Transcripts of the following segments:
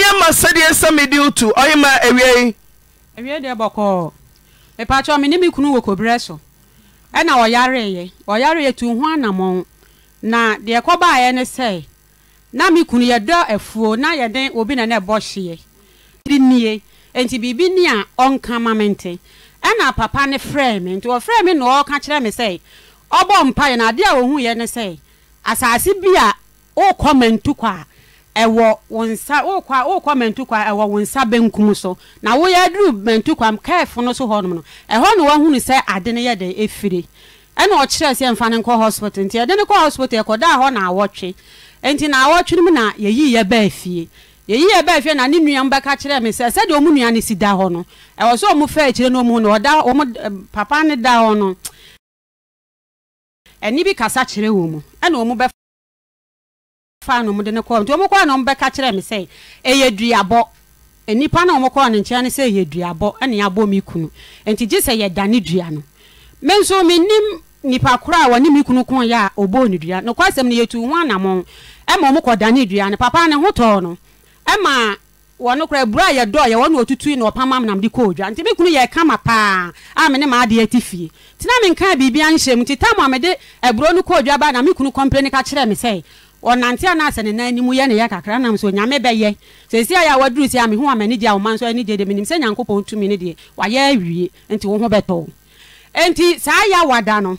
ɛyɛ ma sɛdeɛ sɛ mede wotu ɔye ma ewia awie deɛ bɔkɔɔ mepakyɛ mene me kunu wɔ koberɛ so ɛna ɔyareeɛ ɔyareeɛ tu ho anammɔn na deɛ kɔbaaeɛ ne sɛ na me kunu yɛdɔ afuo na yɛde obi na ne ɛbɔ hyeɛ bi nie enti biribi ni a ɔnka ma me nte ɛna papa ne frɛɛ me nti ɔfrɛɛ me na ɔka kyerɛ me sɛ ɔbɔ mpaeɛ na adeɛ a ɔhuyɛ ne sɛ asase bi a wokɔ mantu kɔ a ɛwɔ wɔn nsa wokɔ mantukwa ɛwɔ wɔn nsa benkum so na woyɛ aduru mantukwa kɛɛfo no so hɔnom no ɛhɔ na woahunu sɛ ade no yɛ de ɛfire ɛna ɔkyerɛ sɛ mfa no nkɔ hospital nti ɛde no kɔ hospital ɛkɔdaa hɔ na awɔtwe nti na awɔtwe no mu na yɛyi yɛ baa fie yɛyi yɛ baa fie na ne nua m bɛka kyerɛ me sɛ sɛde ɔmu nua no si da hɔ no ɛwɔ sɛ ɔmu fɛ akyire no ɔmu no ɔda ɔmu papa ne da hɔ no ɛni bi kasa kyerɛ wɔ mu ɛna ɔmu bɛ ɔfaa no mde no kɔɔ nti ɔmokɔɔ na ɔmbɛka kyerɛ me sɛ ɛyɛ duabɔ e, nnipa na ɔmokɔɔ no nkyea no sɛ ɛyɛ duabɔ ɛne abɔ me kunu nti gye sɛ yɛdane dua no me nso menim nipa koro a wɔne me kunu kɔɔyɛ a ɔbɔɔ ne dua no kɔ asɛm no yɛtu ho anammɔn ɛma ɔmokɔdane dua no papa ne ho tɔɔ no ɛma wɔno kora abura a yɛdɔ yɛwɔ na ɔtutui na ɔpam am namde kɔ odwa nti me kunu yɛ kama paa a me ne ma adeɛ ti fie nti na menka biribia nhyɛ mu nti tam a mede aburo no kɔ odwa baa na me kunu kɔmprɛ no ka kyerɛ sɛ ɔnante anaasɛ ne nan anim yɛ ne yɛ kakra nam so nyame bɛyɛ sɛsi ayɛ a waduru si a mehu amani gye a woma nso ani gye de menim sɛ nyankopɔn tumi no deɛ wayɛ awie nti wo ho bɛtɔ nti saa yɛ awada no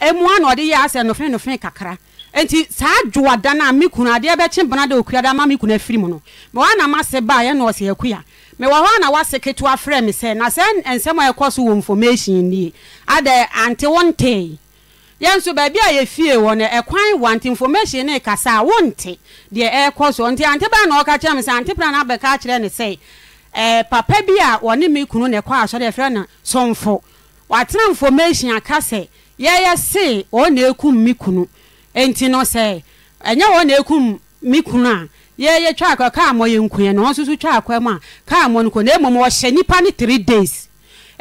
ɛmua na ɔde yɛ asɛ nofe nofe kakra nti saa dwoada no a me kunu adeɛ bɛkye bena de okua da ma me kunu afiri mu no mewɔ na mase baa yɛ na ɔsɛ akua mewɔ hɔ na wase ketewa frɛ me sɛ na sɛ nsɛm a ɛkɔ so wɔ information nie adɛ ante wo ntee yɛn nso baabi a yɛfie wɔ no ɛkwan wɔ nti information ne kasa a wonte deɛ ɛrekɔ so nti ante baa na ɔka kyerɛ me sɛ ante pra no abɛka akyerɛ ne sɛ ɛɛ eh, papa bi a wɔne me kunu na ɛkɔ asɔre yɛfrɛ no sɔnfo watena information aka sɛ yɛyɛ se wɔn na ekum me kunu nti no sɛ ɛnyɛ wɔn na ekum me kunu a yɛyɛ twa akɔ kaa mɔ yɛ nkunyɛ na wɔn nso twa akɔ mu a kaa mɔ no kɔ na emom wɔhyɛ nipa ne three days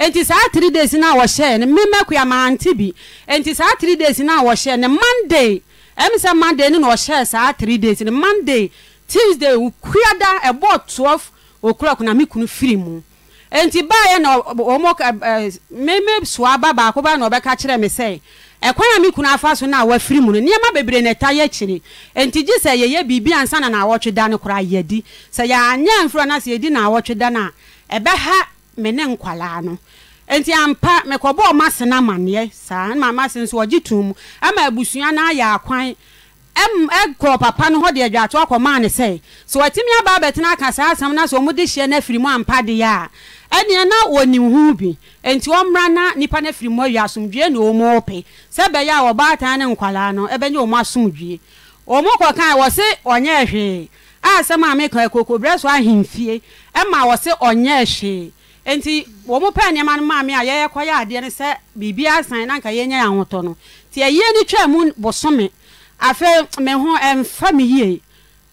nti saa three days na wɔhyɛ no mmemmɛkua maante bi nti saa three days na wɔhyɛ no monday ɛmi sɛ monday no na ɔhyɛ saa three days no monday tuesday kuada ɛbɔ twelve o'clock na mi kunu firi mu nti baayɛ na wɔn ɛɛ mmemme soaba baako ba na ɔbɛka kyerɛ mi sɛ ɛkwan a mi kunu afa so na wafiri mu no nneɛma bebree na ɛta yɛ kyerɛ nti gye sɛ yɛyɛ biribi ansa na na awɔtwe da no koraa yɛdi sɛ yɛanyɛ nfura na sɛ yɛdi na awɔtwe da no a ɛbɛha mene nkwalaa no nti ampa mekɔbɔɔ mase na amanneɛ saa mamase nso ɔgye tom mu ma abusua no ayɛ akwan ɛkɔɔ papa no hɔ de adwaato akɔmaa ne sɛ sɛ watumi abaa bɛtena aka saa asɛm no sɛ ɔmude hyeɛ no afiri mu ampadeɛ a ɛneɛ na wɔnim ho bi nti ɔmmra na nnipa no afiri mu awie asomdwoe na ɔmu pɛ sɛ ɛbɛyɛ a wɔbaataa ne nkwalaa no ɛbɛnyɛ ɔ mu asomdwoe ɔ mu kɔkae ɔnyɛ hwee asɛm a meka akokoberɛ so ahemfie ma wɔ ɔnyɛ hwee nti wɔn pɛ nneɛma no maame a yɛyɛ kɔ yɛ adeɛ no sɛ biribi asan na nka yɛnyɛ ahotɔ no nti ɛyie no twɛ mu bosome afei me ho ɛnfa me yie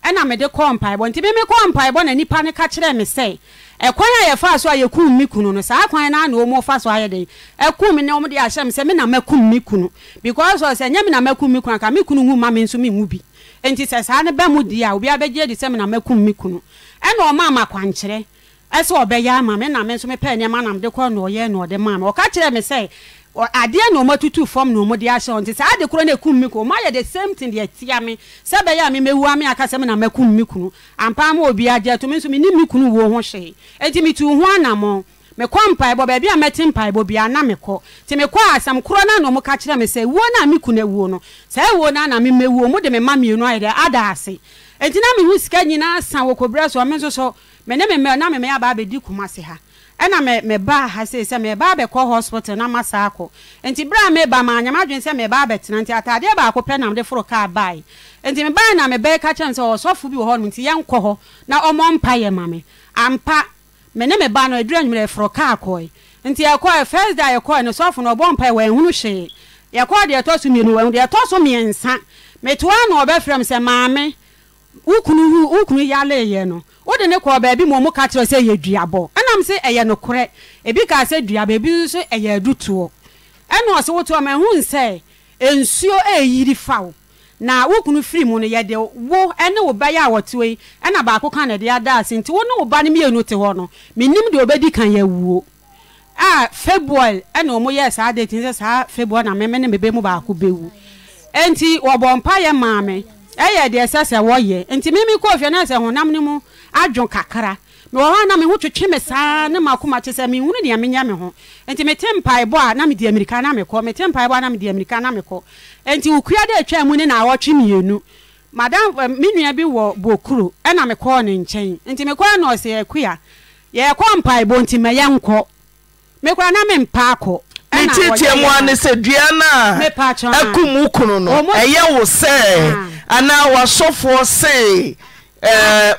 ɛna mede kɔɔ mpaebɔ nti meme kɔɔ mpaebɔ na nipa no ka kyerɛ me sɛ ɛkwan a yɛfa so a yɛkum me kunu no saa kwan no ana ɔmu fa so ayɛ den ɛkum me ne ɔm de ahyɛ me sɛ me na makum me kunu because sɛ ɛnyɛ me na makum me kunu anka me kunu hu ma me nso menwu bi nti sɛ saa no bɛ mu di a obi abɛgye adi sɛ me na makum me kunu ɛna ɔma ɛsɛ ɔbɛyɛ ama me na me nso mepɛ nneɛma nam de kɔ na ɔyɛ na ɔde maa me ɔka kyerɛ me sɛ adeɛ na ɔmo atutu fam na ɔmo de ahyɛ ɔn sɛ ade korɔ na ekum mi ko ɔmo ayɛ the same thing deɛ tia mi sɛ bɛyɛ a mi mewu ami akasɛm na mɛ kum mi kunu ampa obi adi to mi nso mi ni mi kunu wo ho hyɛ eti mi tu ho anamɔ mekɔ mpaebɔ baabi a mɛte mpaebɔ bia na mekɔ nti mekɔ asɛm korɔ no na ɔmo ka kyerɛ me sɛ wuo na a me kunu awuo no sɛ ɛwuo na a na memɛwuo mo de me ma mmienu ayɛ dɛ ada ase enti na mehu sika nyinaa sa wɔ kɔbrɛ so ɔme nso so mene meme na meme aba abɛdi kumase ha ɛna me mebaa ha sei sɛ mebaa bɛkɔ hospital na masa akɔ nti berɛ a meba ma anyama adwene sɛ mebaa bɛtena nti ataadeɛ baako pɛ nam de foro kaa bae nti mebae na mebɛɛ ka kyerɛ me sɛ ɔsɔfo bi wɔ hɔ nom nti yɛnkɔ hɔ na ɔmɔ mpa yɛ ma me ampa me ne mebaa no adura nwumerɛ foro kaa kɔe nti yɛkɔe first da yɛkɔe no sɔfo no ɔbɔ mpa wɔanhunu hwee yɛkɔe deɛ ɛtɔ so mmienu wɔahu deɛ ɛtɔ so mmiɛnsa metoa na ɔbɛfrɛ me sɛ maame wukunu wukunu hu wokunu yɛala ɛyɛ no o de ne kɔɔ beebi ma ɔmo ka kyerɛ sɛ ɛyɛ duabɔ ɛnam sɛ ɛyɛ nokorɛ ebi kaa sɛ duabɔ ebi so ɛyɛ adutoɔ ɛna ɔse woto ɔma ɛhu sɛ nsuo eyiri faw na wukunu firi mu no yɛde wo ɛne wo bɛyɛ a wɔteɔ yi ɛna baako ka na ɛde ada ase nti wo ne wo ba no mmienu te hɔ no menim deɛ obɛdi kan yɛwuo a february ɛna ɔmo yɛ saa date sɛ saa february na mɛmɛ ne mebɛ mu baako bɛwu nti wɔbɔ mpa yɛ maame ɛyɛ deɛ sɛ sɛ wɔyɛ nti meme kɔɔfiɛ no sɛ honam ne mu adwo kakra mewɔ hɔ na meho twitwi me saa ne makoma kye sɛ mehunu deɛ menya mi ho nti mi ti mpa mpaebɔ a na mi mede amirika na ti mpa mpaebɔ a na mi mede amirika na mekɔ nti wokua de atwa mu ne na awɔtwe mmienu madam eh, me nua bi wɔ bokuro ɛna mekɔɔ ne nkyɛn nti mekɔɔ yɛ kɔ mpa mpaebɔ nti mɛ mɛyɛ nkɔ mekora na mempa akɔ metitiɛ mo ane sɛ dua naa aku mo okono no ɛyɛ wo sɛ ah. anaa woasɔfoɔ se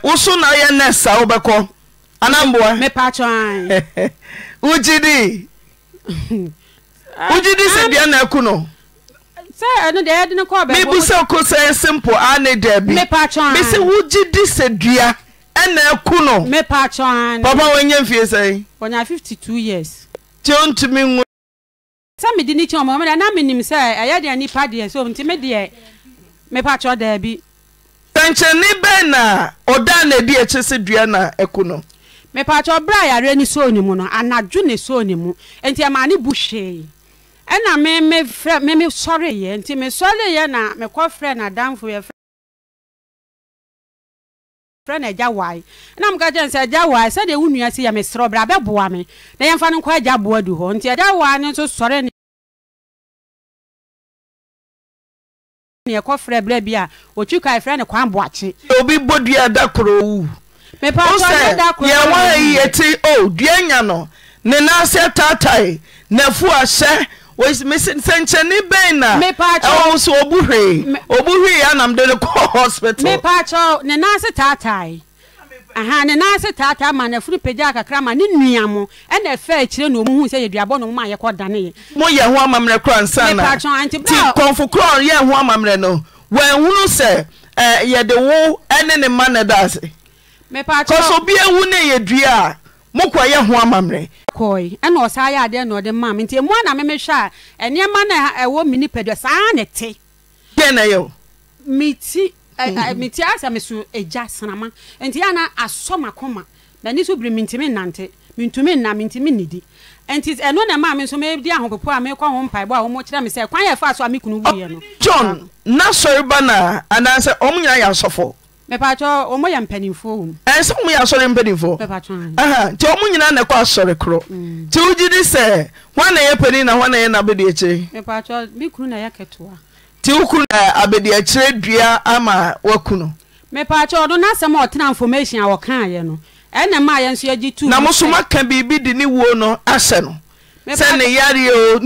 wo so na yɛ ah. ne saa wobɛkɔ anamboa wogyedi wogye di sɛ dua na aku no mebu sɛ okosɛ si mpo a ne daabi mi sɛ wogye di sɛ dua na aku nopapa waya mfie sɛi tiwontumiu sɛ mede ne kyɛn ɔmɔmɔ na menim sɛ ɛyɛ deɛ nipa deɛ so nti me deɛ mepakyɛ daabi sɛnkyɛnni bɛn na ɔda na adi akyi sɛ dua na ɛko no mepakyɛ berɛ a yareɛ ne soo ne mu no anadwo ne soo ne mu nti ɛma ne bu hwee ɛna me mefrɛ me mesɔreeɛ nti mesɔreeɛ na mekɔfrɛ nadamfo yɛfrɛ frɛ no agya wae na meka kyerɛ sɛ agya wae sɛdeɛ wo nua si yɛ meserɛ berɛ abɛboa me na yɛmfa no nkɔ agya boa du hɔ nti agya wae no nso sɔre ne ne ɛkɔ frɛ berɛ bi a ɔtwi kae frɛ ne kwan boakye obi bɔ dua da korɔ wu wosɛ yɛwa yi yɛte o oh, dua nya no ne nan sɛ taatae nafu ahyɛ sɛ nkyɛne bɛn na s ɔbee ɔbuheɛ anamde no kɔ hospitalpne nse taataene nase taataa manafo no pɛgyaa kakra ma ne nua mo ɛna fɛ kyirɛ no ɔmuhu sɛ yɛduabnommayɛdaneɛ mo yɛ ho amammerɛ kora nsanati kɔnfo korɔ yɛ ho amammerɛ no wɔhunu sɛ yɛde wo ne ne ma na dase cus biahu neyɛda mokɔ yɛ ho amammerɛ kɔe ɛna ɔsaa yɛ adeɛ na ɔde maa me nti ɛmu ana memehwɛ a ɛnneɛma na ɛwɔ me nipadua saa ne te yɛ na o. yɛ meti meti asɛ me so agya senama nti ana asɔ makoma n'ani so biri mentimi nnante mentumi nna mi mentimi nnidi nti ɛno na maa me nso medi ahopopo a mekɔ ho mpaebɔ a wɔmɔ kyerɛ me sɛ kwan yɛ fa so a me kunu wuyɛ ah, no john na sɔre ba na anaasɛ ɔmo nyinaa yɛ asɔfo mepatɔ ɔmɔ yɛ mpanimfoɔ ɛnsɛ eh, mo yɛ asɔre mpanimfoɔ nti ɔmo nyinaa na ɛkɔ asɔre korɔ mm. nti wogye di sɛ hwan na ɛyɛ pani na hwan na ɛyɛ n'abedi akyire nti wo kuru na abedi akyire dua ama waku no mepatɔ ɔdo n'asɛm a ɔtena information a wɔkaeɛ no ɛna maa yɛn nso yɛgye tu na Musoma so biribi de ne wuo no ahyɛ no sɛ ne yareɛ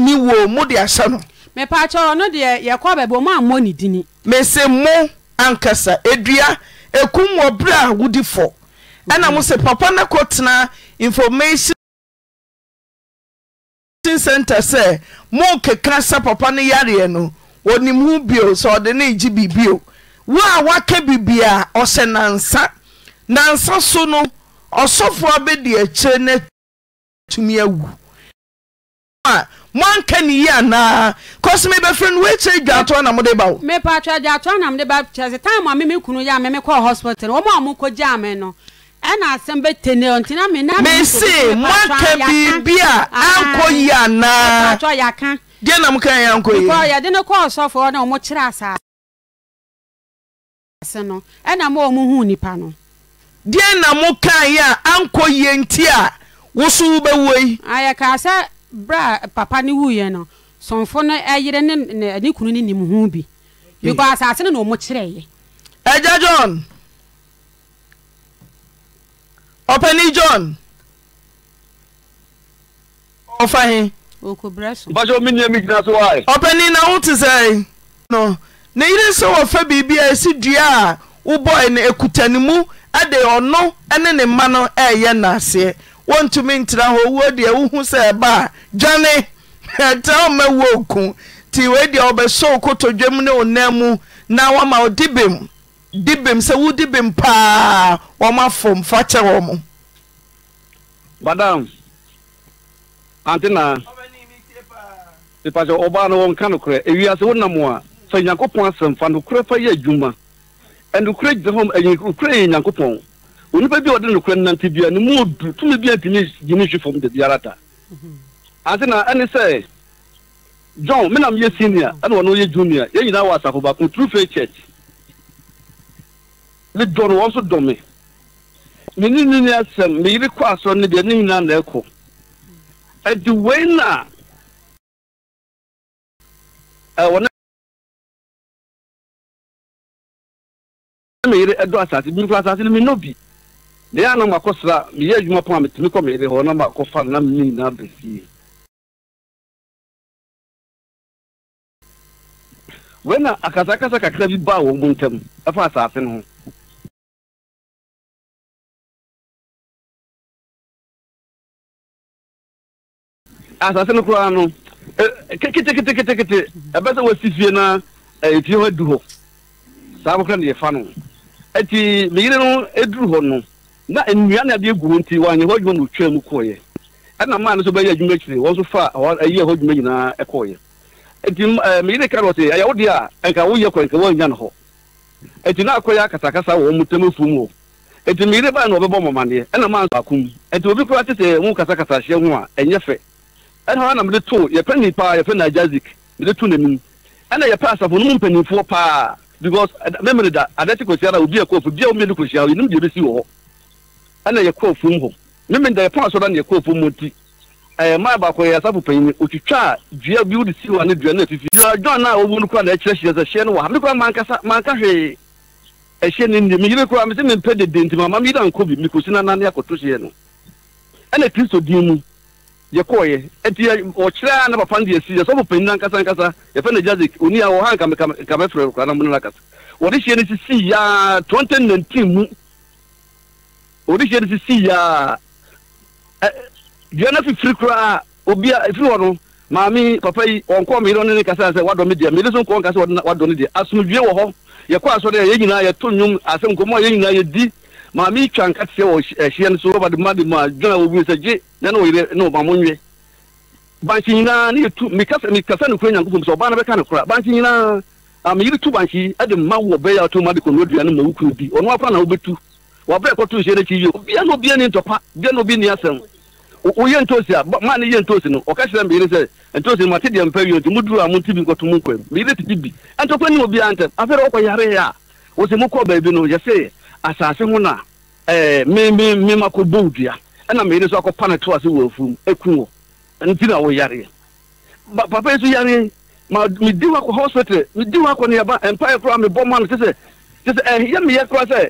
ekum wɔ bere a wodi fɔ ɛna mo sɛ papa no kɔtena information center sɛ mokeka sɛ papa no yareɛ no ɔnim ho bio sɛ ɔde ne egye biribio wo a woaka bibi a ɔhyɛ nansa nansa so no ɔsɔfoɔ bɛde akyirɛ no tumi awu moanka ne yi anaa kɔso me bɛfrɛ no woakyɛ dwato namo de ba omense mo aka biribi a ankɔ yɛ anaaɛ ɛ namokaɛnk deɛ na mo kaɛ a ankɔ yɛ nti a wo so wo bɛwi bra papa ni wuiɛ no sɔmfo no ɛyerɛ ne kunu no nim bi because asase na ɔmo kyerɛeɛ agya john ɔpani john ɔfa he ɔpani na wote sɛe no ne yere sɛ wɔfa biribi a ɛsi dua a wobɔe no ɛkutane mu ade ɔno ne ne mma no ɛyɛ naaseɛ wontumi ntena hɔ wuo deɛ wohu sɛ ɛba a dwane ɛtena womawuo ku nti wei deɛ wɔbɛsɛ wo kotodwam ne wo nan mu na wama wo dibem dibem sɛ wodi bem paa wɔma afom fa kyɛ wɔ mo madam antena mepakyɛ ɔbaa no wɔnka nokorɛ ewiase wonam a fa nyankopɔn asɛmfa nokorɛ fa yɛ adwuma ɛnokorɛ gyina hɔ nokorɛ yɛ nyankopɔn onipa bi a ɔde nokora nante bia ne mu odu tumi bi antimi gye ne hwe fam da biara da ante na ɛne sɛ john me nam yɛ senior ɛna ɔno yɛ junior yɛn nyinaa wɔ asafo baako true faith church me dɔ no wɔn nso dɔ me me ne ne ne asɛm me yere kɔ asɔrɔ ne deɛ ne nyinaa na ɛkɔ ɛdi wei na ɛwɔ ne me yere ɛdɔ asase bi nkura asase ne me nɔ ne yɛ anam akɔsra meyɛ adwuma pɔn a metumi kɔ meyere hɔ na makɔfa na mene nyinaa ba fie wei na akasakasa kakra bi baa wɔn mu ntam ɛfa asase no ho asase no koraa no keteketeketekete ɛbɛ sɛ wasi fie na ɛfie hɔ edu hɔ saa kakra ne yɛfa no ɛti meyere no ɛduru hɔ no na nnua na ɛde egu mu nti wɔanyɛ hɔ adwuma na otwa mu ɛna mmaa no nso bɛyɛ adwuma akyire wɔn nso fa ɛyɛ hɔ adwuma nyinaa ɛkɔɔyɛ nti ɛɛ meyiri karɔt ɛyɛ wo deɛ a nka woyɛ kɔ nka wɔanya no hɔ na akɔyɛ akatakasa wɔn mu tɛm efu mu wɔ meyiri na ɔbɛbɔ mɔmaneɛ ɛna mmaa nso ako mu obi kura tete mu kasakasa ahyɛ ho a ɛnyɛ fɛ ɛna hɔ na to yɛpɛ y'a ɛna yɛ kɔɔ fom hɔ mimi da yɛ pɔn asɔrɔ na yɛ kɔɔ fom hɔ ti ɛɛ maa baako yɛ asafo panyin otwitwa a dua bi wuli si wa ne dua na fifi dua dɔn na wɔwɔ no kura na ɛkyerɛkyerɛ sɛ hyɛn no wa mi kura mankasa manka hwee ɛhyɛn ne nniem yiri kura mi sɛ mi mpɛ dede nti maama mi yi da nko bi mi kò si nanan ne akɔto hyɛn no ɛna kristo din mu yɛ kɔɔ yɛ ɛti ɔkyerɛ a na papa no de esi yɛ sɔfo panyin na nkasa nkasa yɛfɛ ne jazik oni a wɔha nkame kame kame fɛrɛ kura na mo ne na kasa wɔde hyɛn no sisi yaa twenty nineteen mu odehyɛ no sisi yaa dua no fifiri obi a efiri hɔ no maame papa yi ɔnkɔ meyere ne ne kasa sɛ wadɔ me deɛ meyere so nkɔ nkasa wadɔ ne deɛ wɔ hɔ yɛkɔ asɔre a yɛn nyinaa yɛto nnwom asɛm nkɔmmɔ a yɛn nyinaa di maami twa a wɔ ɛhyeɛ no so rɔba de ma de ma a wɔbu sɛ gye na ne wɔyere ne ɔma mo nwe nyinaa ne yɛtu tu yi ma wɔ bɛyɛ a ɔtɔ ma bi na wobɛtu wabrɛ kɔto ti no akyi yio bia na obia ni ntɔpa bia na obi ni asɛm woyɛ ntosi a maa ne yɛ ntosi no ɔka kyerɛ meyere sɛ ntosi mpɛ a bi mu nkɔ bi afɛrɛ ya no asase ho na eh, dua ɛna to ase wɔ nti na papa yi so ma medi ya akɔ hospital medi hɔ akɔ neaba mpaeɛ koraa mebɔ ma no te sɛ eh,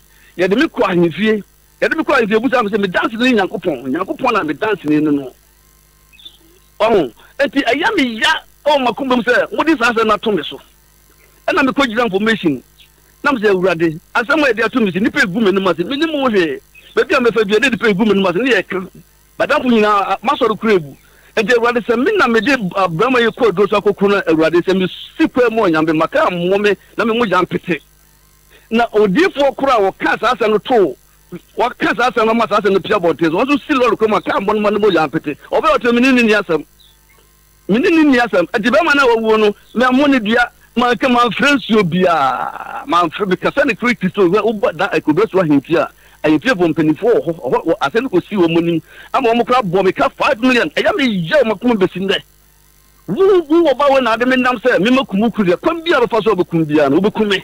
yɛde me kɔ ahemfie yɛde me kɔ ahemfie busa sɛ me dance ne nyankopɔn nyankopɔn na me dance ne no no ɔho nti ɛyɛ me ya ɔwɔ makoma mu sɛ mode saa sɛ no ato me so ɛna mekɔgyina information nam sɛ awurade asɛm a yɛde ato me si nnipa ɛgu m'anim ase menim wo hwee baabi a mɛfa dua ne nnipa ɛgu m'anim ase ne yɛka badamfo nyinaa masɔre kora abu nti awurade sɛ mena mede abrama yi kɔ aduro so akɔkoro no awurade sɛ mesi kwa mu ɔnyame maka ammoɔ me na me mogya mpete na odiifoɔ koro a wɔka saa asɛm no too wɔka saa asɛm no ma saa asɛm no pia bɔnten so wɔn nso si lɔri kurom a kaa mbɔ no bɔ yan pete ɔbɛyɛ ɔtɛ mini ni ni asɛm mini ni ni asɛm eti bɛrima na wɔwuo no mɛ mo ne dua maa nka maa nfrɛ nsuo biaa maa nfrɛ bi kasa ne kiri kristu wɛ wobɔ da ekobe so ahemfi a ahemfi fo mpanyinfoɔ wɔ hɔ ɔhɔ asɛm no kò si wɔn anim ama wɔn kora bɔ mi ka five million ɛyà mi yɛ wɔn akoma besi wu wuwu wɔ ba wɔ na adi mi nam sɛ mi ma kum kuru deɛ kwan bi a bɛfa so a bɛ kum biara na wɔbɛ kum mi.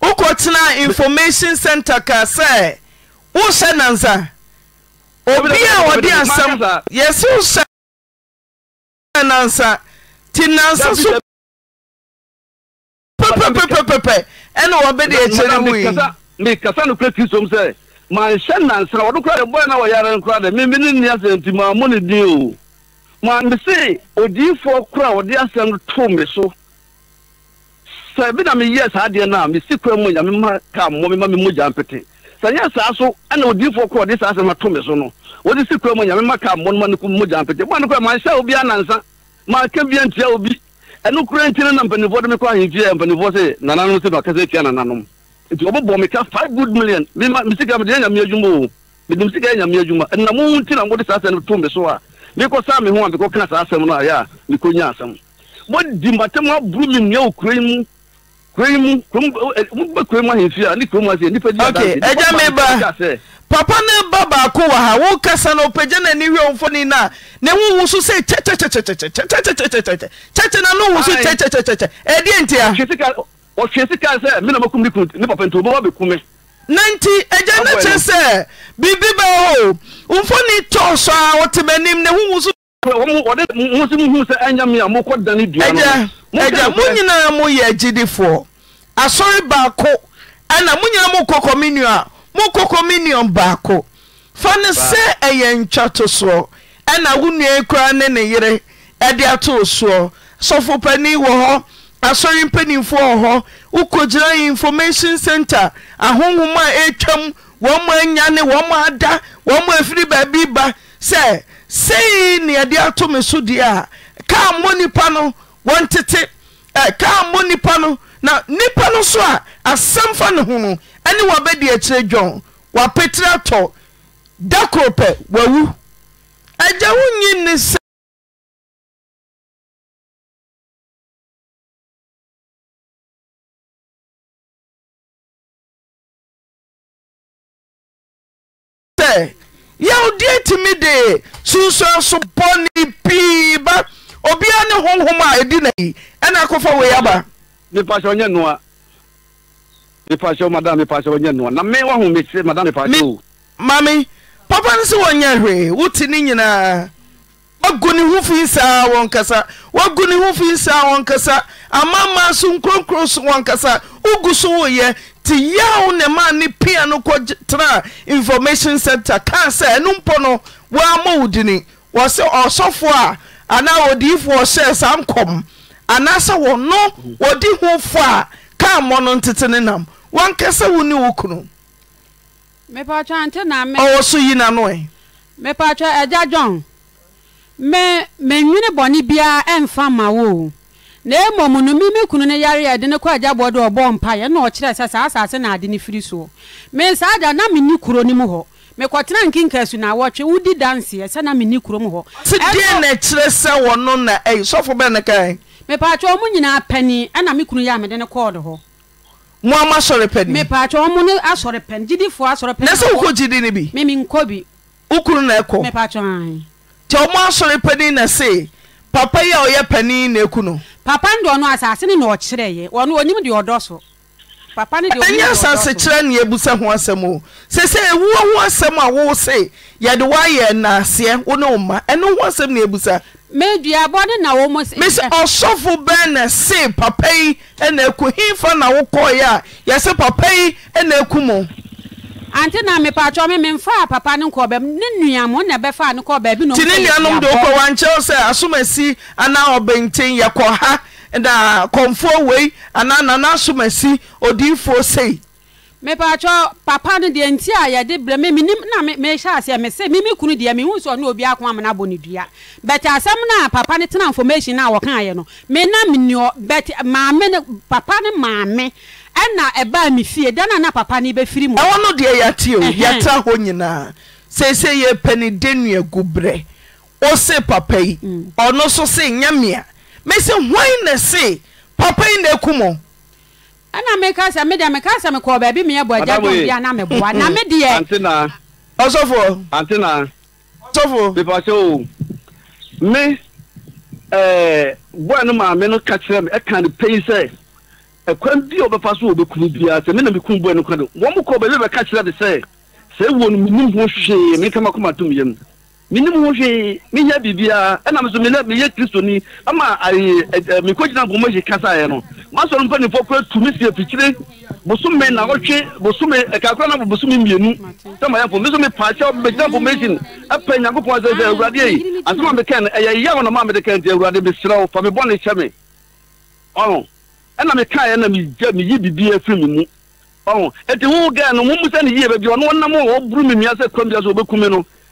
wokɔtena information center ka sɛ wohyɛ nansa obi a wɔde asɛm yɛse wohyɛ nansa nti nansa so pɛpɛpɛpɛpɛ ɛna wɔbɛde akyɛre mu yi mekasa no kora kristo m sɛ manhyɛ nansa na wɔde kora de na wɔyare nkora de meme ne nni asɛm nti maamɔ ne din o maame se odiyifoɔ kora a wɔde asɛm to me so sɛ bi na meyɛ saa adeɛ no a mesi kura mu nyame ma ka mmɔ mema me mogya mpete sɛ nyɛ saa so ɛna odiifoɔ kɔ ɔde saa asɛm ato me so no wɔde si kura mu nyame ma ka mmɔ no ma no mogya mpete bɔne kora manhyɛ obi anansa manka bia ntia obi ɛno kura nti no na mpanimfoɔ de me kɔ ahemfie mpanimfoɔ se nananom sɛ bakasa atua nananom nti wɔbɛbɔ me ka five good million mesika mede ɛ nyame adwuma o medim sika ɛ nyame adwuma ɛnam wo nti na wode saa asɛm no to me so a mekɔ saa me ho a mekɔkena saa asɛm no ayɛ a mekɔnya asɛm wɔdi matɛm aboro me nnua wɔ kura yi mu kurom kurom bɛ kurom ahemfi a ne kurom ase nipa di adanse ok ɛgya mi ba papa ne ba baako wɔ ha wɔn kasa na ɔpɛgya na ani hwɛ mfoni na ne ho wusu sɛ kyɛkyɛkyɛkyɛkyɛkyɛkyɛkyɛkyɛkyɛ na ne ho wusu kyɛkyɛkyɛkyɛkyɛ ɛdeɛ nti a. ɔhwɛ sika sɛ mi na ma kum ne kun ne papa nti wa bɛ kum mi. na ɛgya ne kyɛ sɛ biribi bɛ o mfoni tɔɔso a ɔte m'anim ne ho wusu. ɔde mo sɛ ɛnyɛ mi a mo kɔ dan ne dua no. agya mo nyinaa moyɛ agyidifoɔ asɔre baako ana mo nyinaa mokɔ communion a mokɔ communion baako fa ne sɛ ɛyɛ ntwa to soɔ ɛna wo nnuai koraa ne ne yere ɛde atoo soɔ sɔfo pani wɔ hɔ asɔre mpanimfoɔ wɔ hɔ wokɔgyina information center ahonhom a ɛtwam wɔn mo anya ne wɔn mo ada wɔn mo afiri baabi ba sɛ sei neɛde ato me so deɛ a kaa mmɔ nipa no wɔntete kaa mmɔ nnipa no na nnipa no so a asɛm fa ne ho no ɛne wɔabɛdi akyirɛ dwon wɔapetire atɔ da koro pɛ wawu agya wo nyi ne sɛ yɛwdeɛ tumi de sunsuaso bɔne pii ba obiaa ne honhom a ɛdi na yi ɛna akɔfa wei aba mepa ɔnyɛ noa oh, madam ɔnyɛ noa na me wahu mese madam mepa o mame papa no sɛ wɔnyɛ hwee wote ne nyinaa wagu ne ho amama so nkronkron so so yaw ne ma ne pia no kɔtena information center kaa sɛ mpɔ no anaa wɔdiyifoɔ ɔhyɛɛ saa nkɔm anaasɛ wɔno wɔde ho fɔ a mmɔ no ntete ne nam wankɛ wo ne wo kunu ɔwɔ so yi na no me menwene bɔne biara ɛmfa ma na mmom no me kunu ɛde ne kɔ de na ɔkyerɛ sɛ saa asase na ade ne firi soɔ me agya na kuro mu hɔ mekɔtena nkenka su na awɔtwe wodi danseɛ sɛ na menni kurom hɔ nti deɛ na ɛkyerɛ sɛ wɔno na ɛyi sɔfo bɛ ne kae mepaatwɛ ɔmo nyinaa pani ɛna me kunu yɛ a mede ne kɔɔdo hɔ mo ama asɔre pani mepaatwɛ ɔmo ne asɔre pani gyidifoɔ asɔre pani na sɛ wokɔ gyidi no bi meme nkɔ bi wo kunu na ɛkɔ mepaatwɛ ae nti ɔmo asɔre pani na se papa yi a ɔyɛ pani na ɛku no papa ndɔ no asase ne na ɔkyerɛeɛ ɔno ɔnim deɛ ɔdɔ so ɛnyɛ asasekyerɛ ne yɛbusa ho asɛm o sɛ sɛ ɛwuo ho asɛm a wo se yɛde woayɛ naaseɛ wo ne wo ma ɛno ho asɛm ne yɛbusa mesɛ ɔsɔfo bɛn na se papa yi na aku hemfa na wokɔeɛ a yɛse papa yi na aku mo ante na mepatwɔ me memfaa papa no nkɔ baabi ne nua mo na ɛbɛfaa no kɔ baabi na ɔmo yɛ nti ne nuanom de wokɔ wankyɛw sɛ asomasi anaa ɔbɛnten yɛkɔ ha da kɔmfoɔ uh, wei anaa uh, nanasom asi odiyifoɔ sei mepɛatwɛ papa no deɛ nti a yɛde brɛ me na mehyɛ aseɛ me se meme kunu deɛ mehu sɛ ɔne obi ako amena abɔ ne dua but uh, asɛm no a papa no tena information no a wɔkaeɛ no mena menio but maame no papa no maame ɛna ɛbaa me fie da na na papa no bɛfiri mu ɛwɔ no deɛ yɛate o yɛtra hɔ nyinaa seesei yɛpɛ ne dɛnua gu berɛ ɔse papa yi ɔno mm. so se nyɛ mea mesi hwan na se papa yi na ekum o. ɛna meka sɛ medeɛ meka sɛ mekɔɔ baabi meyɛbɔ agya dɔbia na meboa na medeɛ ɔsɔfoɔ antena ɔsɔfoɔ mepɛ sɛ o oh, me eh, boa bɔɛ no maame no ka kyerɛ me ɛka ne pɛyi sɛ ɛkwan bi a ɔbɛfa so wɔbɛkum biara sɛ me na mekum bɔɛ no kwa no wɔn mo kɔɔ baabi bɛka kyerɛ de sɛ sɛ ewu no menim ho hwee meka ma kɔma tom yam minim ho hwee menya biribiaa ɛnam so mene meyɛ kristoni ama mekɔgyina bɔmɔ hye kasaeɛ no masɔre mpanimfoɔ kora tumi si afikyire bosome na wɔtwe bosome kakora na bosome mmienu sɛ mayɛmfo me so mepaakyɛ megyina formation ɛpɛ nyankopɔn sɛ sɛ awurade yi asɛm e e e a meka no ɛyɛ yɛ wɔ na ma mede ka nti awurade meserɛ wo fa me bɔne hyɛ me ɔno ɛna mekaeɛ na megya meyi biribi afiri me mu ɔno ɛnti wo gaa no momu sɛ ne yie baabi ɔno wɔnam wɔ ɔboro memia sɛ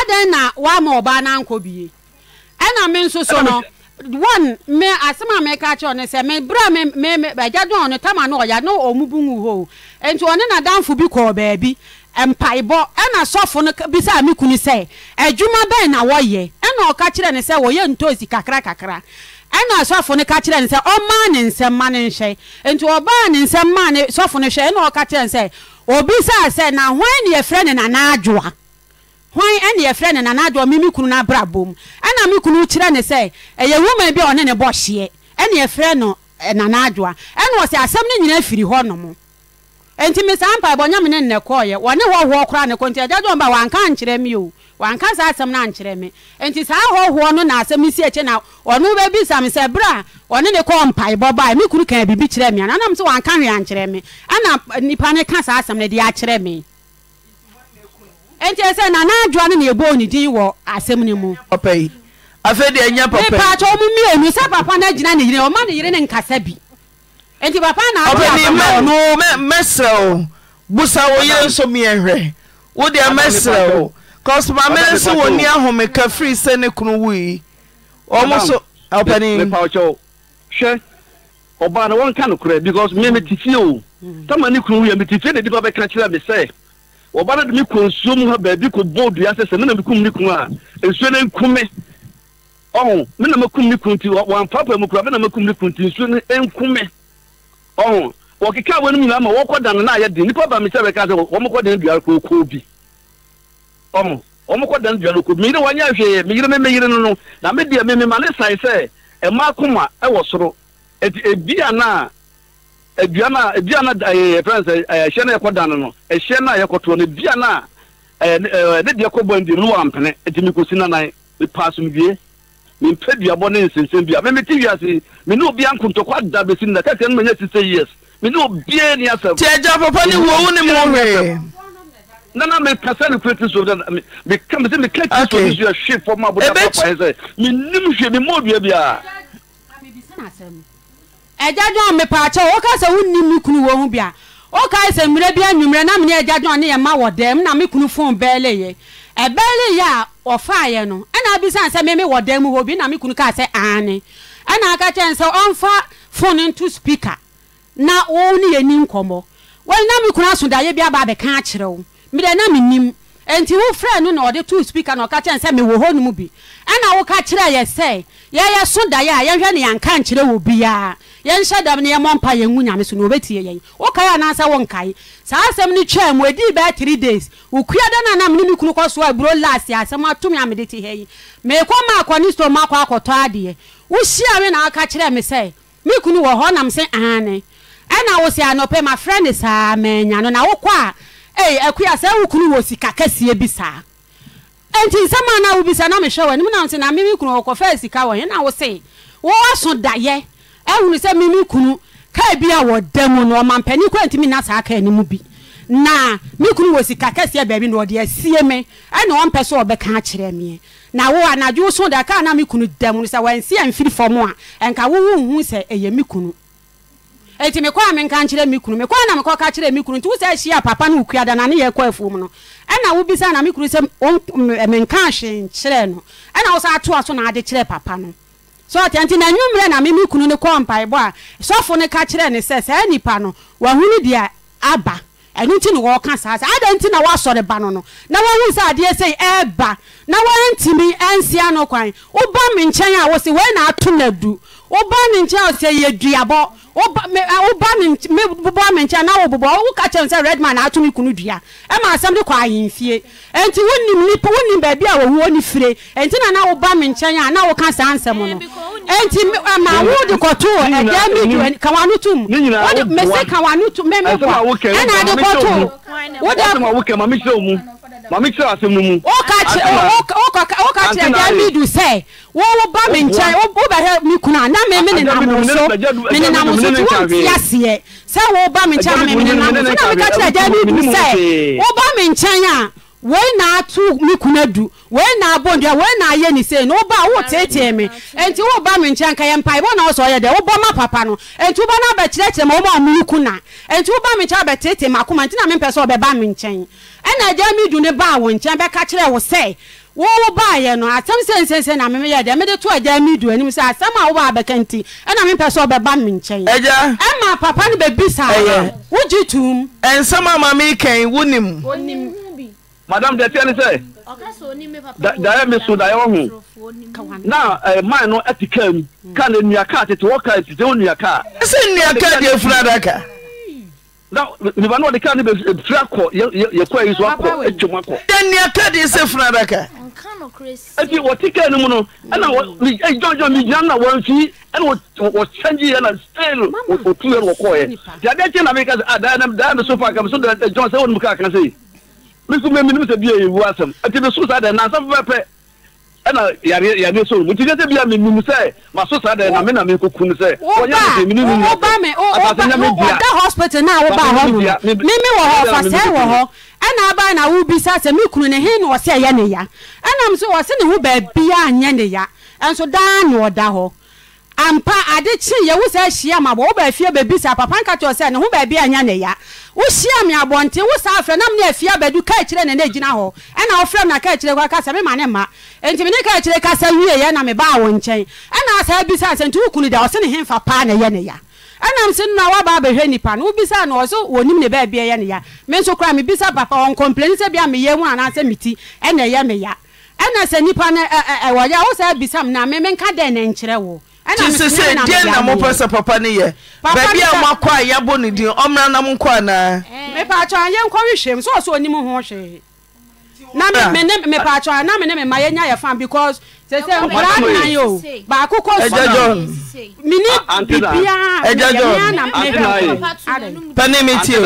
adɛn na woama ɔbaa na ankɔ bie ɛna na nso so no one me asɛm a meka kyerɛ ne sɛ meberɛ agya dɔn ɔno tama no ɔya ne ɔmu bu wu hoo enti ɔne nadamfo bi kɔɔ baabi mpaebɔ ɛna sɔfo no bisaa mi kunu sɛ adwuma bɛn na wɔyɛ ɛna ɔka kyerɛ ne sɛ wɔyɛ ntoosi kakra kakra ɛna sɔfo no ka kyerɛ ne sɛ ɔmaa ne nsɛm ma ne nhyɛ enti ɔbaa ne nsɛm maa ne sɔfo no hwɛ ɛna ɔka kyerɛ ne sɛ obi sɛ na hwan ne yɛfrɛ ne hwan ɛna yɛfrɛ ne nanaadɔ me me kunu no abra bom ɛna me kunu kyerɛ ne sɛ ɛyɛ woman bi a ɔne ne bɔ hyeɛ eh, ɛna yɛfrɛ no nanaadɔa ɛna ɔsɛ asɛm no nyinaa firi hɔ nom enti me saa mpaebɔ nyame ne nnɛ kɔɔyɛ wɔne hɔhoɔ koraa ne kɔ nti agya dɔm ba wanka ankyerɛ me o wanka saa asɛm no ankyerɛ me enti saa hɔhoɔ no na asɛm si akyi na ɔno bɛbisa me sɛ berɛ a ɔne ne kɔɔ mpaebɔ bae me kunu kaa biribi kyerɛ me ana nam sɛ wanka hwee ankyerɛ me ana nnipa ne ka saa asɛm no de akyerɛ me nti sɛ nana adwoa no na ni ne din wɔ asɛm no mu afei deɛ ɛnyɛ papakyɛ ɔmo mmienu sɛ papa no agyina ne yere ɔma ne yere ne nkasa bi nti papa naɔpɛni mɛserɛ o busa wo yere nso miɛhwɛ wo deɛ mɛserɛ o cause mame nso wɔ ni ahomeka firi sɛ ne kunu wui ɔmo so ɔpɛni hwɛ ɔbaa no wɔnka no korɛ because me metifie o mm. tama ne kunu wuyɛ metifie ne nipa bɛka kyerɛ me sɛ ọ no de me kɔ nsuo mu ha baabi kɔ bɔɔ dua sɛ sɛ na ne kunu a nsuo no nkume ɔho me na ne kunu nti wɔamfapa mu kora ne nti nsuo no nkume ɔho wɔkeka nyinaa ma wɔkɔ na ayɛ den nipa ba mi sɛ bɛka sɛ wɔn kɔ dua kɔ bi ɔmo wɔn kɔ dua kɔ bi meyiri me no no na me deɛ ma ne ebi aduane eh, eh, eh, a aduane a ɛyɛ fɛn sɛ ɛhyɛ no yɛkɔ dan no ɛhyɛ no a yɛkɔtoɔ no aduane a ɛɛ ne deɛ kɔbɔ ndie no wampene nti mi kɔsi nanan mi pa asomdue mi mpɛ duabɔ ne nsensɛn bia mɛmi ti wiase mi ne obi akontɔkɔ ada besi nna kɛkɛ no ma nyɛ sisɛ years mi ne obiɛ ni asɛm. tí ɛja papa ni wo wo ni mo hwɛ. nana mi kasa ni kure ti so mi mi ka mi se mi kɛ ti so mi so yɛ hwɛ fɔm abodan papa yɛ sɛ mi nim hwɛ mi mɔ dua bia. agya dwon mepaakyɛ woka sɛ wonnim ne kunu wɔ hu bi a wokae sɛ mmerɛ bi anwummerɛ na mene agya ne yɛma wɔ na me kunu fon bɛɛleyɛ ɛbɛɛleyɛ a ɔfaayɛ no ɛna abisane sɛ meme wɔ hɔ bi na me kunu kaa sɛ aane ɛna aka kyɛn sɛ ɔmfa fone nto na wo ne yɛni nkɔmmɔ na me kunu asodaeɛ bi aba akyerɛ wo medɛ na menim wofrɛ no na ɔde na ɔka sɛ mewɔ hɔ bi ɛna woka kyerɛ yɛ sɛ yɛyɛ so daeɛ a yɛhwɛ ne nkyerɛ wɔ biara yɛnhyɛ dam yɛmɔ mpa nyame so na yɛn anaasɛ wo nkae saa asɛm no mu bɛɛ days okua da no na mene me kunu kɔ soa aburo lase a te yi e meekɔ ma ma akɔ akɔtɔ adeɛ na waka kyerɛ me sɛ me kunu wɔ hɔ nam se aane ɛna wo se ne saa no na wokɔ a ei akua e sɛ wo kunu saa na wobisa na mehwɛ w'anim na nse na me me kunu wɔkɔfaa sika wɔ na ehunu sɛ mimi kunu kaa bi a wɔda mu no ɔman panin kura ntumi na saa kaa nimu bi na mi kunu wɔ sika kɛseɛ baabi na ɔde asie mi ɛna ɔmpɛ sɛ ɔbɛka akyerɛ mi na wo anadwo so da kaa na mi kunu da mu no sɛ wɔnsi ɛnfiri fam a nka wo wohu sɛ ɛyɛ mi kunu eti mi kɔ a mi nka nkyerɛ mi kunu mi kɔ a na mi kɔ ka kyerɛ mi kunu nti wosɛ ahyia papa no okua da na ne yɛ kɔ afuo no ɛna wo bisa na mi kunu sɛ mi nka ahyɛ nkyerɛ no ɛna wosɛ ato aso na ade kyerɛ papa no sotanti na anwummerɛ na mmiri kunu e, no kɔ a sɔfo no ka kyerɛ ne sɛ saa no wahunu deɛ aba ɛno nti na saa na woasɔre ba no no na woahu e, na e, no kwan a wo se na ato O woba ne nkyɛn a sɛ yɛ duabɔ woba me bobɔ me nkyɛn na wo bobɔ woka kyɛm sɛ redman ato me kunu dua ɛma e asɛm de kɔ ahemfie ɛnti wonim nipa wonim baabi a wɔwuo ne fire ɛnti na na woba eh, me nkyɛn eh, eh, e a na woka saa nsɛm no ɛnti ɛma wode kɔtoo ɛda mi du kawano tom mese kawano tom ɛna de kɔtoo wode woka kerɛga midu sɛ woba meɛn wobɛɛ me kunaa na mmenenams meenamoso te wonteaseɛ sɛ woba mekyɛnamenenamna meka kyerɛ gya midu sɛ woba menkyɛn a wei na me kuna du wei na abụ naayɛ ne na no woba woteetee me enti woba me nkyɛ nka yɛ mpa bɔna wosɛ ɔyɛ dɛ wobɔ ma papa no enti na no abɛkyerɛkyerɛ ma woma ɔmene ku na enti woba me nkyɛn wobɛteetee makoma nti na mempɛ sɛ ɔbɛba me nkyɛn ɛna agya me du ne baa wo nkyɛn bɛka kyerɛ wo sɛ wowo baayɛ no asɛm sensese na memeyɛ dɛ mede to agya medu anim sɛ asɛm a woba bɛka nti ɛna mempɛ sɛ ɔbɛba me nkyɛn ɛma papa no bɛbi saa wogye tom ɛnsɛm ama mekɛn wonim madam de tiɛ ni sɛ dayɛ mi so dayɛ wɔ ho na ɛɛ man no ɛti kaa mu kaa na nua kaa tete wɔ kaa tete wɔ nua kaa. ɛsɛ nua kaa de efura adaka. na nipa náà ɔde kaa ne bɛ fira kɔ yɛ yɛ kɔ yi so akɔ etwa mu akɔ. ɛdɛ nua kaa de ese fura adaka. eti wɔti kaa ne mu no ɛna wɔ mi ɛ jɔnjɔn mi gyina na wɔn fi ɛna wɔ wɔ kyɛnji yɛ na still wɔ tu yɛ na wɔ kɔ yɛ yadeɛ kyɛn na mi ka sɛ a dayɛ na dayɛ mi so fa kan so jɔn sɛ wɔn mu kaa kan sɛ yi misu mi minim sɛ bi yɛ ewu asɛm ɛti mi so saa dɛ nansa pɛpɛpɛ ɛna yare yare so mu ti sɛ bi a mi num sɛ ma so saa dɛ na mi na mi ko kun sɛ wɔnyɛ mi tɛmini mi nua asase nyɛ mi bia ɔda hospital naa wɔba hɔ mi mi wɔ hɔ ɔfasɛ wɔ hɔ ɛna aba na awo bi sa sɛ mi kunu ne hin na ɔsɛ ɛyɛ ne ya ɛna mi so ɔsɛ ne ho baabi a nyɛ ne ya ɛnso daa na ɔda hɔ ampa ade kye yɛ wo sɛ ahyia ma bɔ wo baafie bɛbisa papa nka kyerɛ sɛ ne ho baabi anya ne ya wohyia me abɔnte wo saa afrɛ nam ne afie abɛdu ka akyerɛ ne e na gyina hɔ ɛna wofrɛ m na ka akyerɛ kɔ ka sɛ mema ne ma enti mene ka akyerɛ kasa wieɛ na mebaa wo nkyɛn ɛna e saa bisa sɛ nti wokunu da ɔse ne hemfa paa na ɛyɛ ne ya ɛnam e sɛ nna waba abɛhwɛ nipa no wobisa no ɔso wɔnim ne baabi ɛyɛ ne ya me nso koraa mebisa papa ɔnkɔmpleni sɛ bia meyɛ mu anaasɛ meti ɛna ɛyɛ me ya ɛna sɛ nipa no ɛwɔ yɛ wo saa bisa m na me menka dɛn ne nkyerɛ wo nti sɛ sɛ deɛ na mopɛ sɛ papa no yɛ baabi a moakɔ a yɛabɔ ne din ɔmmra na monkɔ anaa eh. mepaakyɛ yɛnkɔ wehwɛm sɛ ɔsɛ ɔnim ho hwee na ah. mepaakyɛ na mene mema yɛnya yɛ fa because sɛ sɛ nkora nan o baako kɔ sɔ mene biribiaa pane me tie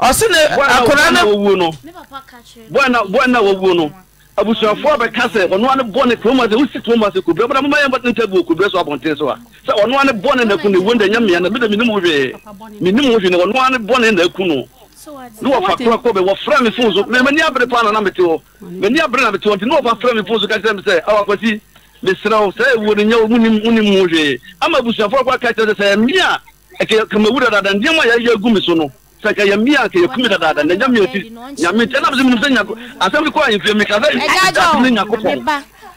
ɔse ne akora no bɔɛ na wɔwuo no abusuafoɔ bɛka sɛ ɔnoa ne bɔne kuroma sɛ wosi kuroma sɛ kubrɛ bra moma yɛmbɔ ne ntabu kubrɛ so abɔnten so a sɛ ɔnoa ne bɔne na ku ne wonda nya mmea na mede menim wo hwee menim wo hwee na ɔnoa ne bɔne na aku no ne wɔfa korɔ kɔ bɛ wɔfrɛ me fon so m'ani abere paa na na mete hɔ m'ani abere na mete hɔ nti ne wɔfa frɛ me fon so ka kyerɛ me sɛ awakwasi mesrɛ wo sɛ ɛwuo no nyɛ wo wonim wonim wo hwee ama abusuafoɔ kɔ ka kyerɛ sɛ sɛ ɛme a kamawura dada nneɛma yɛyɛ agu me so no sɛ kɛyɛ mmea kɛyɛ kumi dadaada na nyame ɔsi nyame nti ɛnam sɛ menim sɛ nyako asɛm de kɔa mfie meka sɛ ne nyankopɔn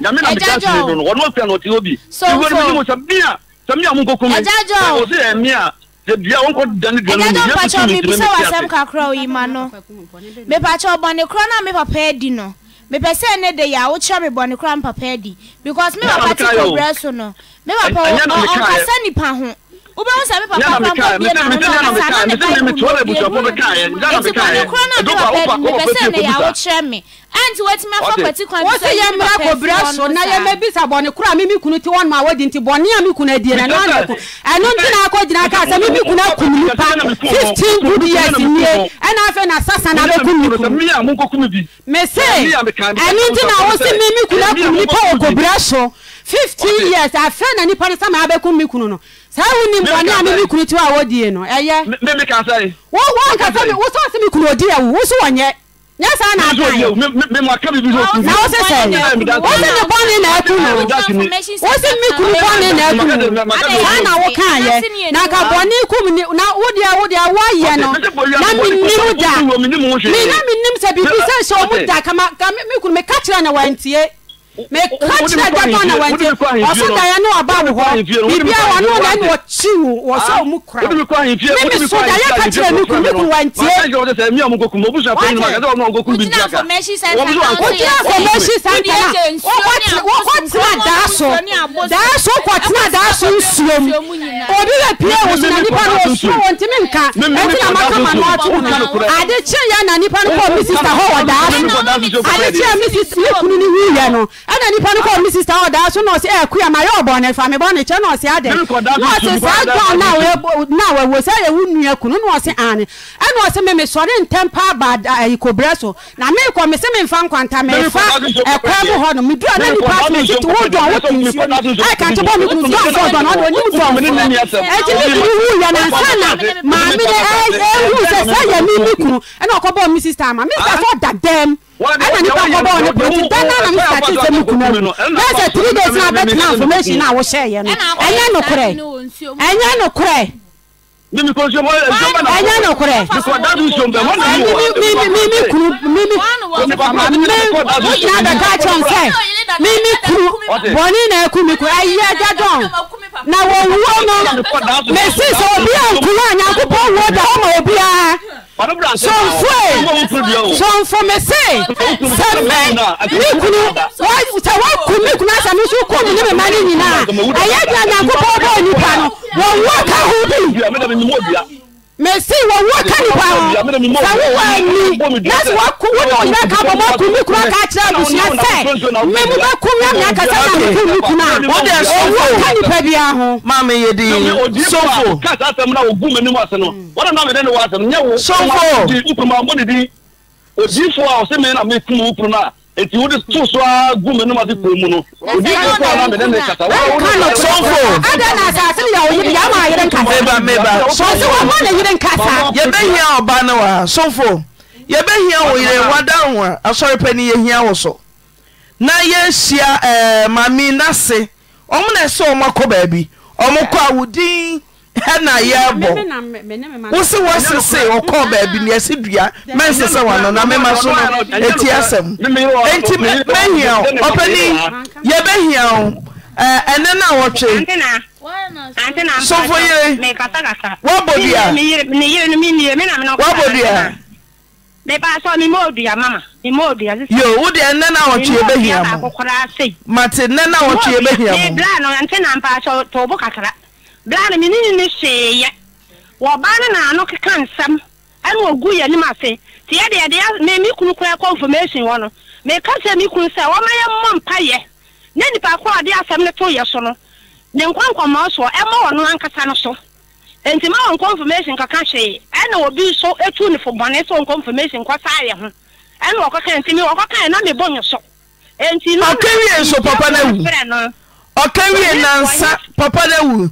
nyame na meka kyerɛ no no wɔne ɔfia no ɔte hɔ bi ɛwuane menim sɛ mmea sɛ mmea monkɔku me ɔ sɛ yɛ mmea sɛ dua wɔnkɔ da ne dua no muyamesɛ mebisa w'asɛm kakra oyi ma no mepakyɛ ɔbɔne korɔ no a mepapa adi no mepɛ sɛ ne de yɛ wokyerɛ me bɔne korɔ a mpapa adi because mepapa te kɔbrɛ so no mepapa ɔnkasa nipa ho wobɛhu sɛ me papampamɛpɛ sɛ ne kyerɛ me ɛnti watumi afa pati kwan bi sɛ yɛ mmra kɔbrɛ so na yɛmɛbisa bɔne koro a me me kunu te hɔ nom a wadi nti bɔne a me kunu adie na na ɛno nti eh, na akɔgyina kaa sɛ me kunu akum nipa fifteen good years nie ɛna afei na sasa na bɛkum me kunu me ɛno nti na wo se me kunu akum nipa wɔ kɔbrɛ so fifteen years afei na nipa no sɛ abɛkum me kunu no saa wo ni bɔne a me me kunu tiwa a wɔdie no ɛyɛ me ka sɛ wonkasa me wo sɛ sɛ me kunu ɔdi awu wo so wɔnyɛ nyɛ saa na abayɛ na wo sɛ sɛ wo sɛ ne bɔne na aku no wo sɛ me kunu bɔne na aku no saa na wo kaayɛ na ka bɔne kum ni na wodeɛ wodeɛ woayɛ no na mennim da mena mennim sɛ biribi sɛ hyɛ ɔ mu da kama me kunu meka kyerɛ na wantie meka kyerɛ dɔbɔ na wante ɔso daeɛ ne waba wo hɔ biribia wɔne wo nane wɔkyi wo wɔ sɛ wo mu korameme so daeɛ ka kyerɛ ne kun ne kun wantiewogyina information center na wokɔtena daa so daa so wokɔtena daa so nsuom obi bɛ pie wo so na nipa no wɔsuo wɔ ntimi nka ɛti na makama no ɔto no ade kyerɛ yɛ na nipa no kɔɔ me sista hɔ wɔ daa no ade kyerɛ me sisi ne kunu ne wiyɛ no ɛna nipa no kɔ mi sista ɔda so na ɔsi ɛku ya ma yɛ ɔbɔ ne fa mi bɔ ne kyɛ na ɔsi adɛ na ɔsi saa gbɔn na awɔ na awɔ wo sɛ ewu nua kunu na ɔsi ani ɛna ɔsi mi mi sɔre ntɛm pa ba ɛyi kobrɛ so na mi kɔ mi si mi nfa nkwanta mi nfa ɛkɔ mu hɔ no mi dura ne nipa mi ti ti wo dɔn wo ti nsuo ɛ kati bɔ mi kunu dɔn fɔ dɔn ɔdi onim dɔn ɛti mi kunu wu yɛ na nsa na maami ɛ ɛ hu sɛ sɛ yɛ mi mi kunu ɛna ɔkɔ bɔ mi sista ama mi sista fɔ ɛna nipa kɔbɔ ne pɔnti dɛn na nam sati sɛ mu kuna mu na sɛ three days na abɛtena information na awohyɛ yɛ no ɛnyɛ nokorɛ ɛnyɛ nokorɛ mímí kò nsọmọ ẹ nsọmọ náà ẹnyẹ nà kúrẹ mímí kunu mímí mímí n'adaka akyerɛ nsɛ mímí kunu bɔnni na eku mi kunu ayi ɛdɛ dɔn na wɔwuo no mesi sɛ obi a nkunu a nyankopɔn wuo da hɔ ma obiara sọnfọye sọnfọmẹsẹ sẹmẹ mikunu sẹ wọn kun mikunu asami su kun mi ni mi ma ni nyinaa ẹyẹ jẹ anyanko pọpọ nipa no wọn wọ ka hu bi mesi wɔ wo ka nipa hɔ ni wowɔ ani nase wɔku wo ne ɔyerɛ ka bɔ mɔku me kura ka kyerɛ abusua sɛ me mu bɛku me ame akasa na meku me kuna ɔwo ka nipa bia ho maame yɛ de sofo sofo odiifo a ɔsɛ me na mekum wo kunu nti wode to so a gu me nomade kuro mu no obi ne sɛ ɔna mede ne kasa wkano sɔmfo ada na asase no yɛ ɔyere yɛama yere nkasameba meba sɔse wɔma ne yere nkasa yɛbɛhia ɔba no wa sɔmfo yɛbɛhia wo yere wada ho a asɔre pɛ ne yɛhia wo so na yɛhyia eh, mame nase ɔmo na ɛsɛ ɔmo akɔ baabi ɔmo kɔ a wo din ɛna yɛbɔ wo se wɔsese ɔkɔɔ baabi ne ɛse dua mɛnsesɛ wano na mema so no ɛti asɛm enti mɛhia wo ɔpani yɛbɛhia wo ɛnɛ no a wɔtwe sofo yere woabɔ dua woabɔ dua yo wode ɛnɛ no a wɔtwe yɛbɛhia mu mate nnɛ no a wɔtwe yɛbɛhia mu bịa na menene ne hwee wɔbaa no naano keka nsɛm ɛna ogu yɛ ase te yɛ deɛ deɛ kunu koraa kɔ information wɔ no meka sɛ me kunu sɛ wɔma yɛ mmɔ mpa yɛ ne nipa kɔ asɛm no to yɛ so no ne soɔ wɔ no ankasa no so nti ma hwee ɛna obi ne sɛ kɔsa yɛ ho ɛna nti wɔkɔka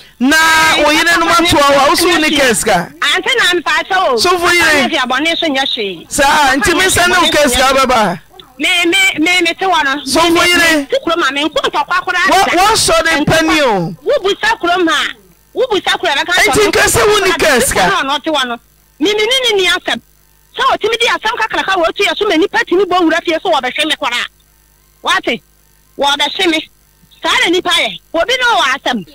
na wo yere no mato a wa wosow ne kɛs ka sofo saa nti mesɛ ne wo kɛs ka wobɛba sofo yere wɔsɔ de pani o nti nka sɛ wo ne kɛs ka mímìnì ni ni asɛm sɛ ɔtumi di asɛm kakraka wɔ otu yɛ so ma nipa tumi bɔ wura fie so wɔbɛhwe me kɔra wate wɔbɛhwe me saa na nipa yɛ obi na ɔwɔ asɛm nti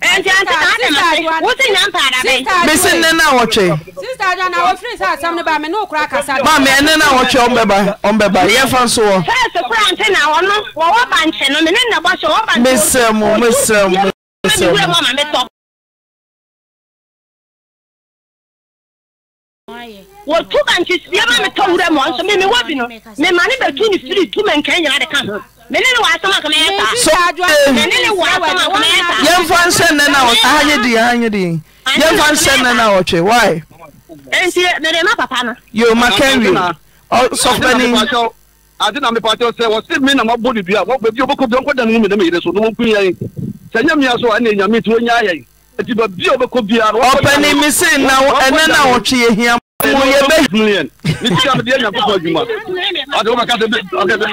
anti saa na ma se wosi nya mpaada bɛyi. bisi nne na awɔtwe. sista ajo na wofiri sa asɛm ne ba mi n'o kura kasa. maami ɛne na awɔtwe ɔmbɛba ɔmbɛba yɛ fa nso wɔ. fɛɛsi kura nti na wɔno wɔwɔ bankye no mi ne na bɔ so wɔwɔ bankye. mesrɛmu mesrɛmu mesrɛmu. wɔtu bankye si yɛ ma mi tɔ wura mu ɔnso mi mi wɔ bi no mi ma ne bɛ tu ni firi tu mɛ nkɛ nyina de ka ho menene wasoma kama yɛ saa so menene wasoma kama yɛ saa yɛmfa nsɛn nɛ na ɔtwe ahanyɛ di ahanyɛ di yɛmfa nsɛn nɛ na ɔtwe why nti mede ma papa no yo ma kenwi sɔfbɛni ade na mepɛ akyɛw sɛ wɔse me na mabɔ ne dua baabi wobɛkɔ bia nkɔda no mu mene meyere so no mɔnku yɛn sɛ nyɛ mmea so ɛne nyame nti wɔnya yɛn nti baabi a wobɛkɔ biara ɔpɛni me se na ɛnɛ na wɔtwe yɛhia mo yẹ bẹ́ẹ̀. million ní sika mi di yẹn nyankopɔ adwuma ɔdi wọn kasa bi ɔkɛ bi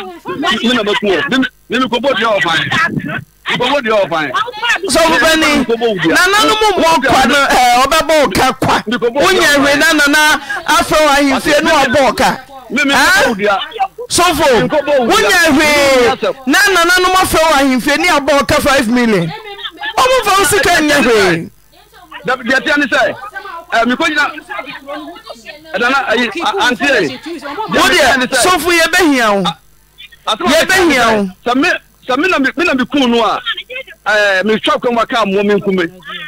mi na bɛ kun wɔ mi mi kobo diɛ ɔfan kobo diɛ ɔfan. sɔfún bẹni nananumu bɔ kwa no ɛɛ ɔbɛ bɔ ɔka kwa wúnyɛ hwè nanana afɛ wà ahimfie ní wà bɔ ɔka. sɔfo wúnyɛ hwè nanananumu afɛ wà ahimfie ní wà bɔ ɔka five million ɔmu fɛ wosika nyɛ hwè. dɛbi diɛ tiɛ ni mekɔgyina ɛdana ayi antie wo deɛ sɔfo yɛbɛhia wo yɛbɛhia wo sɛ mena mekuu no a eh, metwa kwa mu aka mmoa me nkume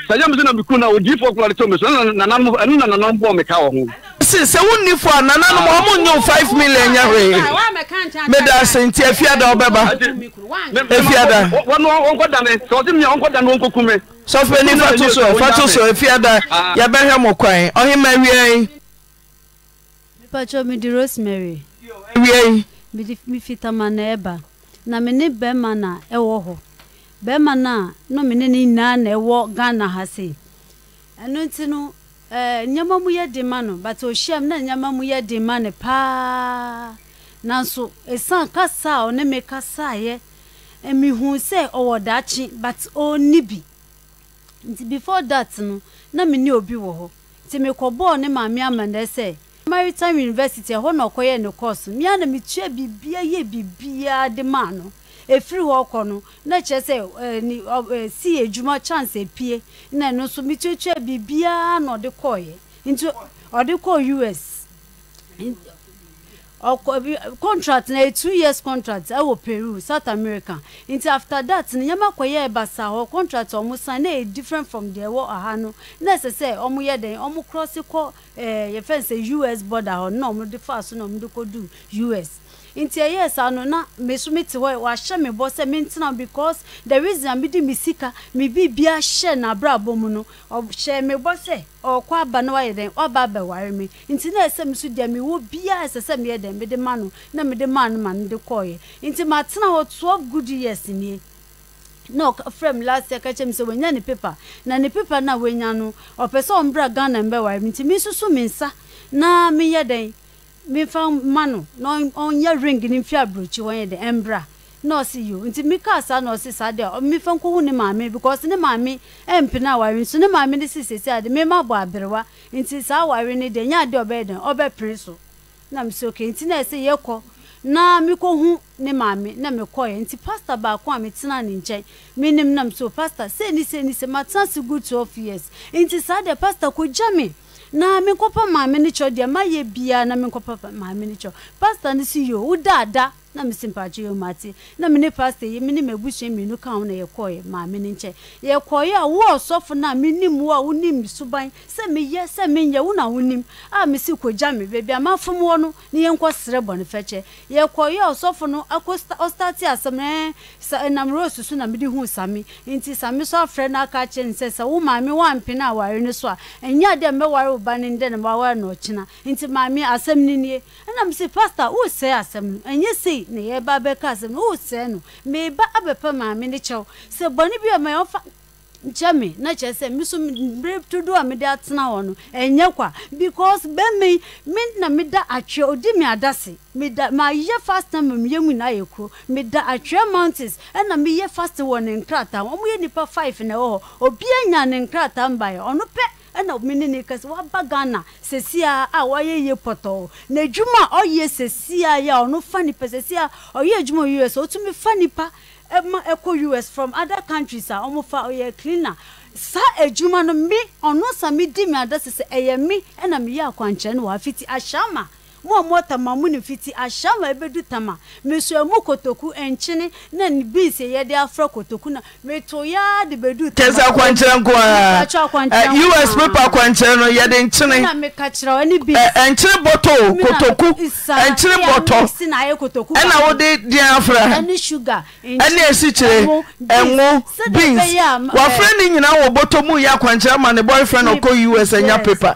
sɛ yɛ me sɛ na mekuu no a odiyifoɔ kora de tɔ me so ɛno na nananom bɔɔ meka wɔ ho si sɛ wonni fo a nananom ɔmo nyɛ wo five million nyɛ hwee meda ase nti afiada wobɛba afiada wɔnkɔdane sɛ ɔse mea wɔnkɔdane wɔnkɔku me sɔfɛni fato so fato so afiada ah. yɛbɛhwɛ mo kwan ɔhema awiai mepatwɛ mede rosemary awiai mefi tamana ɛba na me ne bɛrima na ɛwɔ hɔ bɛrima na na me ne ne nyinaa na ɛwɔ ghana ha se ɛno nti no ɛɛ eh, nneɛma mu yɛ de ma no but ohyiam na nneɛma mu yɛ de ma no paa nanso esan kasa a ɔne me kasa yɛ ɛmihu sɛ ɔwɔ daakye but ɔnni bi nti before that no na me ne obi wɔ hɔ nti mekɔbɔɔ ne maame amanda sɛ maritime university ɛhɔ na ɔkɔyɛ ne course mmea na metua biribia yɛ biribia de maa no efiri hɔ kɔ no na kyerɛ sɛ ɛɛ ni ɛ si edwuma chance epie na ɛno nso metuatua bibia na ɔde kɔɔyɛ nti ɔde kɔɔ us ọkọ bi contract na two years contract ɛwɔ peru south america nti after that no yɛma kɔyɛ basa hɔ contract ɔmo san na yɛ different from deɛ ɛwɔ ɔha no na ɛsɛ sɛ ɔmo yɛ dɛn ɔmo cross kɔ ɛɛ yɛfɛn sɛ us border hɔ na ɔmo de fa so na ɔmo de kɔ do us nti ɛyɛ saa no na me so me te hɔ wahyɛ me bɔ sɛ me ntena because the reason me de me sika me biribia hyɛ n'abrabɔ mu no ɔhyɛ me bɔ sɛ ɔkɔ aba na wayɛ dɛn ɔba abɛware me nti na ɛsɛ me so deɛ mewɔ biaa ɛsɛ sɛ meyɛ dɛn mede ma no na mede maa no ma no de kɔɔeɛ nti matena hɔ 12 good years nie na ɔfrɛ m last year ka kyerɛ m sɛ wanya ne pepa na ne pepa no a wanya no ɔpɛ sɛ ɔmbra ghana mbɛware me nti mesusu me nsa na meyɛ dɛn mefa ma no na ɔnyɛ ring ne mfi aburokyi wɔnyɛ de ɛmbra na ɔsi yi o nti mika saa na ɔsi saa deɛ mefa nkohu ne maame because ne maame ɛmpena awari nso ne maame ne sisi esi ade mema bɔ aberewa nti saa awari ne deɛ nyɛ adeɛ ɔbɛyɛ deɛ ɔbɛpere so na mo sɛ okay nti na ɛsɛ yɛ kɔ na mekohu ne maame na mekɔɛ nti pasta baako a metena ne nkyɛn mi nam so pasta sɛ ni sɛ ni sɛ matena se good twelve years nti saa deɛ pasta kɔgya me na pa maame ne kyɛw deɛ mayɛ biaa na menkɔpɛ maame ne kyɛw pastor ne si yo e wo daada na me simpagye yɛ mu ate na me ne pastor yi me ne m'abusua mmienu ka ho na yɛkɔɔyɛ maame no nkyɛn yɛkɔɔyɛ a wo ɔsɔfo no a wo a wonim suban sɛ meyɛ sɛ menyɛ wo na wonim a mesi kɔgya me baabi a mafom wɔ no ne yɛnkɔ serɛ bɔne fɛkyɛ yɛkɔɔyɛ a ɔsɔfo no ɔstate asɛm no ɛnam rose so na mede hu same nti same so afrɛ no aka kyerɛ ne sɛ sɛ wa maame woampene aware no so a ɛnyɛ dɛ mɛware na maware na ɔkyena nti maame asɛm no nie ɛna mesi pastor wosɛe asɛm nti na bɛka asɛm na wosɛe no meba abɛpɛ maame ne kyɛw sɛ bɔne bi a ma yɛmfa nkyɛ me na kyerɛ sɛ me so bere todo a mede atena hɔ no ɛnyɛ kwa because bɛmɛ me na meda atwerɛ odi me adase meda mayɛ fast na mameyɛ mu nyinaa yɛ kuro meda atwerɛ mountains ɛna meyɛ fast wɔ ne nkrataa ɔmoyɛ nnipa 5 na ɛwɔ hɔ obia nya ne nkrataa mbaeɛ ɔno pɛ ɛna ɔmo ne ne kɛse waba ghana sesia a wɔyɛ yie pɔtɔɔ na adwuma a ɔyɛ sesia yɛ ɔno fa nipa sesia ɔyɛ adwuma wɔ us ɔtumi fa nipa ɛma e, ɛkɔ e us from other countries a ɔmo fa ɔyɛ cleaner saa adwuma e no mi ɔno sa mi di mi ada sɛ sɛ ɛyɛ mi ɛna mi yɛ akwankyerɛ no wɔ afiti ahyɛn ma mu a mɔ tama mu ne fiti ahyɛn ma ebedu tama mesua mu kotoku nkyene na ne beans yɛde afra kotoku na meto ya de bedu tama. kɛse akwankyerɛ nko us paper akwankyerɛ no yɛde nkyene. na meka kyerɛ ɔ ne beans. nkyene bɔtɔ kotoku nkyene bɔtɔ ɛna wode diɛ afra ɛne sugar ɛne esikyire ɛnwo beans wafra eh. ni nyinaa wɔ bɔtɔ mu yɛ akwankyerɛ ma ne boyfriend ɔkɔ us ɛnya paper.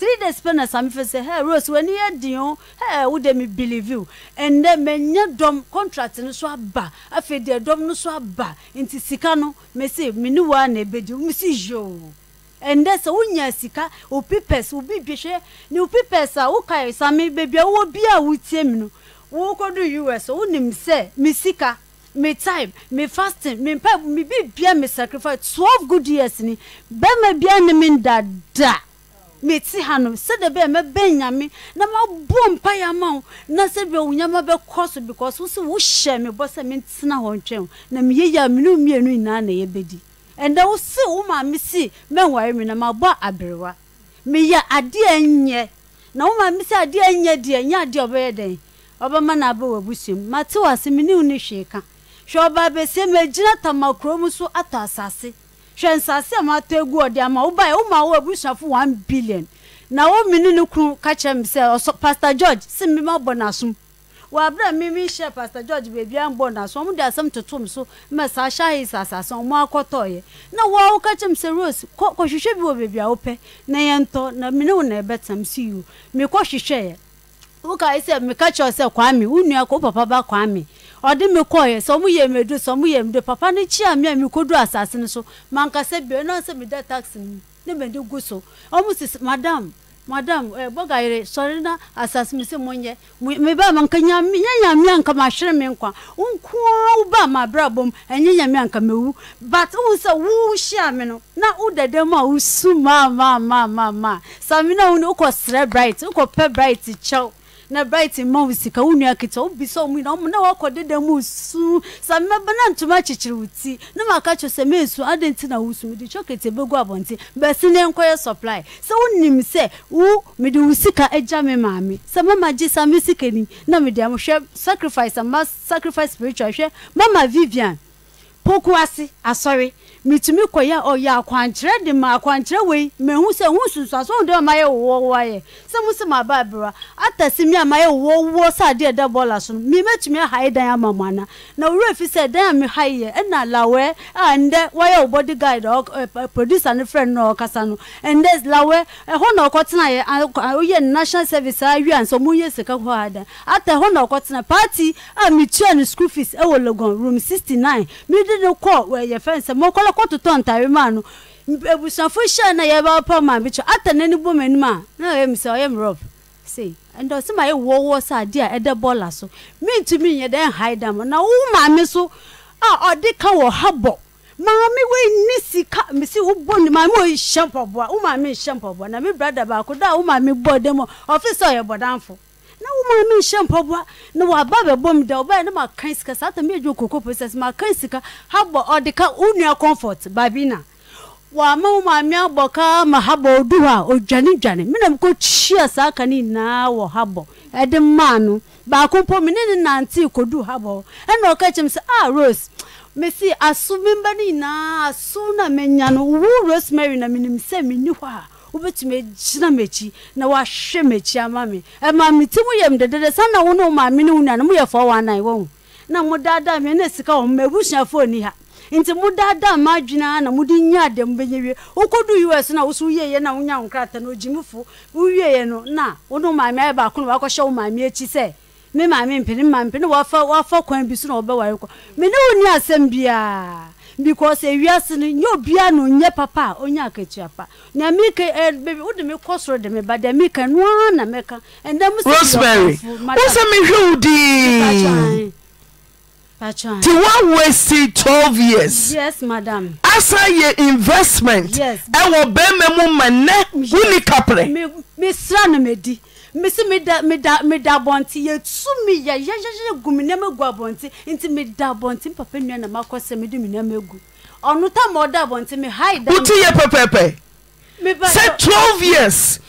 three days pɛ na sami fɛ sɛ hɛ rose w'ani yɛ den o hɛ wo de mi believe o ɛnɛ mɛ n yɛ dɔm contract ni so aba afei deɛ dɔm ni so aba nti sika no mɛ se mi ni wa na ebe di mi si yɛ o ɛnɛ sɛ wonya sika wo pipɛs wo bi dwehwɛ ne wo pipɛs a wokae same baabi a wowɔ bi a wotie mu no wokɔdo us wonim sɛ me sika me time me fasting me mpa me biribia me sacrifice twelve good years ni bɛma bia ne me ndada meti ha no sɛdeɛ bɛyɛ mɛbɛ nyame na mabɔ mpa yɛ ama na sɛdeɛ wo nyama bɛkɔ so because wo sɛ wohyɛ me bɔ sɛ mentena hɔ ntwɛn na meyɛyɛ a mene mmienu nyinaa na yɛbɛdi ɛnɛ wo se wo maame si mɛnware me na mabɔ aberewa meyɛ adeɛ nyɛ na wo maame si adeɛ nyɛ deɛ nyɛ adeɛ ɔbɛyɛ dɛn ɔbɛma no abɛ wɔ abusuam mate wɔ ase mene wo ne hwee ka hwɛ ɔbaabɛsie magyina tamakuro mu so atɔ asase hwɛ nsase a mata egu ɔde ama wo bae woma wo abusuafo one billion na wo mini ne kunu ka kyerɛ sɛ ɔsɔ pastor george si mi ma bɔ n'asom wɔ abira mi mi hyɛ pastor george beebi a mbɔ n'asom ɔmo de asɛm toto mi so mɛ saa ahyɛ ayi sasase ɔmo akɔtɔ yɛ na wɔ awo ka kyerɛ me sɛ rose kɔ kɔhwehwɛ bi wɔ beebi a wopɛ na yɛn tɔ na mini wo na ɛbɛtam si yi o mi kɔ hwehwɛ yɛ woka yi sɛ mi ka kyerɛ kwame wo nua ko papa ba kwame ɔde me kɔɔɛ sɛ ɔmo yɛ me do sɛ ɔmo yɛ me papa no kyi a mi a mi kɔ do asase no so mankasa bia ɛnna sɛ mi da taxi mu ne mɛ de gu so ɔmo sisi madam madam ɛ bɔga yɛrɛ sɔre na asase mi sɛ mo nyɛ mi ba ma nka nyami nyɛ nyami a nka ma hwere mi nkwa nkoa ma abira bɔ mu ɛnyɛ nyami a nka ma but n sɛ wo hyia mi no na wo dɛdɛ mu a wo su maa maa maa maa maa samina wo ni wokɔ bright wokɔ pɛ bright kyɛw na bright ma wo sika wo nua ketewa wo bisa ɔmo nyinaa ɔmo na wakɔ deda mu su sa mɛba na ntoma kyekyere wo ti na ma aka kyerɛ sɛ meesu adi nti na wo su chokete de chocolate ebegu abɔnten bɛsi ne nkɔyɛ supply sɛ wo nim sɛ wo mi de wo sika egya mi maame sɛ mama gye sa mi sika ni na mi de ahwɛ sacrifice ama sacrifice spiritual hwɛ mama vivian poku ase asɔre metumi kɔyɛ ɔyɛ akwankyerɛ de ma akwankyerɛ wei mehu sɛ ho sunsuaso ho de ma mayɛ wowɔwɔ ayɛ sɛ mo sɛ maba abera atase mi a mayɛ wowɔwɔ sɛ adeɛ ɛda bɔɔla so no memɛtumi ahae dan ama mo ana na wura fi sɛ dan a mehayeyɛ ɛna lawɛ a ndɛ wayɛ wo body guide producer no na ɔkɔtotɔ ntare maa no ebusuafo hyɛ na yɛbɛ pɔ maa bi kyɛ ata n'ani bɔ mu anim a na ɔyɛ mi sɛ ɔyɛ mi rɔb sei ndɔsi ma yɛ wɔwɔ sɛ adeɛ a ɛda bɔɔla so mintumi nyɛ dɛ nhae dam na wo maame so a ɔde ka wɔ ha bɔ maame wei ni sika misi wo bɔ ne maame oyi hyɛ mpɔboa wo maame hyɛ mpɔboa na mi brada baako da a wo maame bɔ dɛm ɔfi sɛ ɔyɛ bɔdanfo na wo maa mi nhyɛ mpaboa na waba bɛbɔ mu da ɔbɛyɛ na maka sika saa ta meadwo koko process maka sika habɔ ɔde ka wo nua comfort baabi na wama wo maame abɔ ka ma habɔ ɔdu hɔ a ɔdwane dwane me nam kɔkyia saa ka ne nyinaa wɔ habɔ ɛde maa no baako mpo me ne ne nante kɔdu habɔ ɛna ɔka kyɛm sɛ ah rose mesi aso memba no nyinaa aso na manya no wo rosemary na menim sɛ menni hɔ a wobɛtumi gyina m'akyi na wahwɛ m'akyi ama me ɛma me ti mu yɛ m dedede sa na wo ne wo maame ne wo nua no moyɛ fɔ wanan wɔ na mo daadaa me ne sika wɔ mma abusuafoɔ ni ha nti mo daadaa ma adwene na mode nya dɛm bɛnya wie wokɔdu us na wo so woyɛyɛ na wonya wo krata no ogyimifo wowieyɛ no na wo ne wo maame ayɛ baako na wakɔhyɛ wo maame akyi sɛ me maame mpene ma mpene wafa kwan bi so na wɔbɛware kɔ me ne wo ni asɛm biaa because ewiase no nye obia no nye papa a onye akatua pa na mi ka ɛ bɛbi o de mi kɔ soro de mi ba de mi ka noa na mi ka ɛnna mu si rosemary wosan mi hwi wudi ti wa wasi twelve years yes madam asa yɛ investment ɛwɔ yes, bɛrima mu ma nɛ wuli kapere mi sira na mi di mesi meda meda meda abɔnti yɛtu mi yɛ yɛyɛyɛ gu mi nneɛma gu abɔnti nti meda abɔnti papa nua na ma kɔ sɛ mede mi nneɛma gu ɔno tam ɔda abɔnti mi ha da. wotu yɛ pɛpɛpɛ sɛ twelve years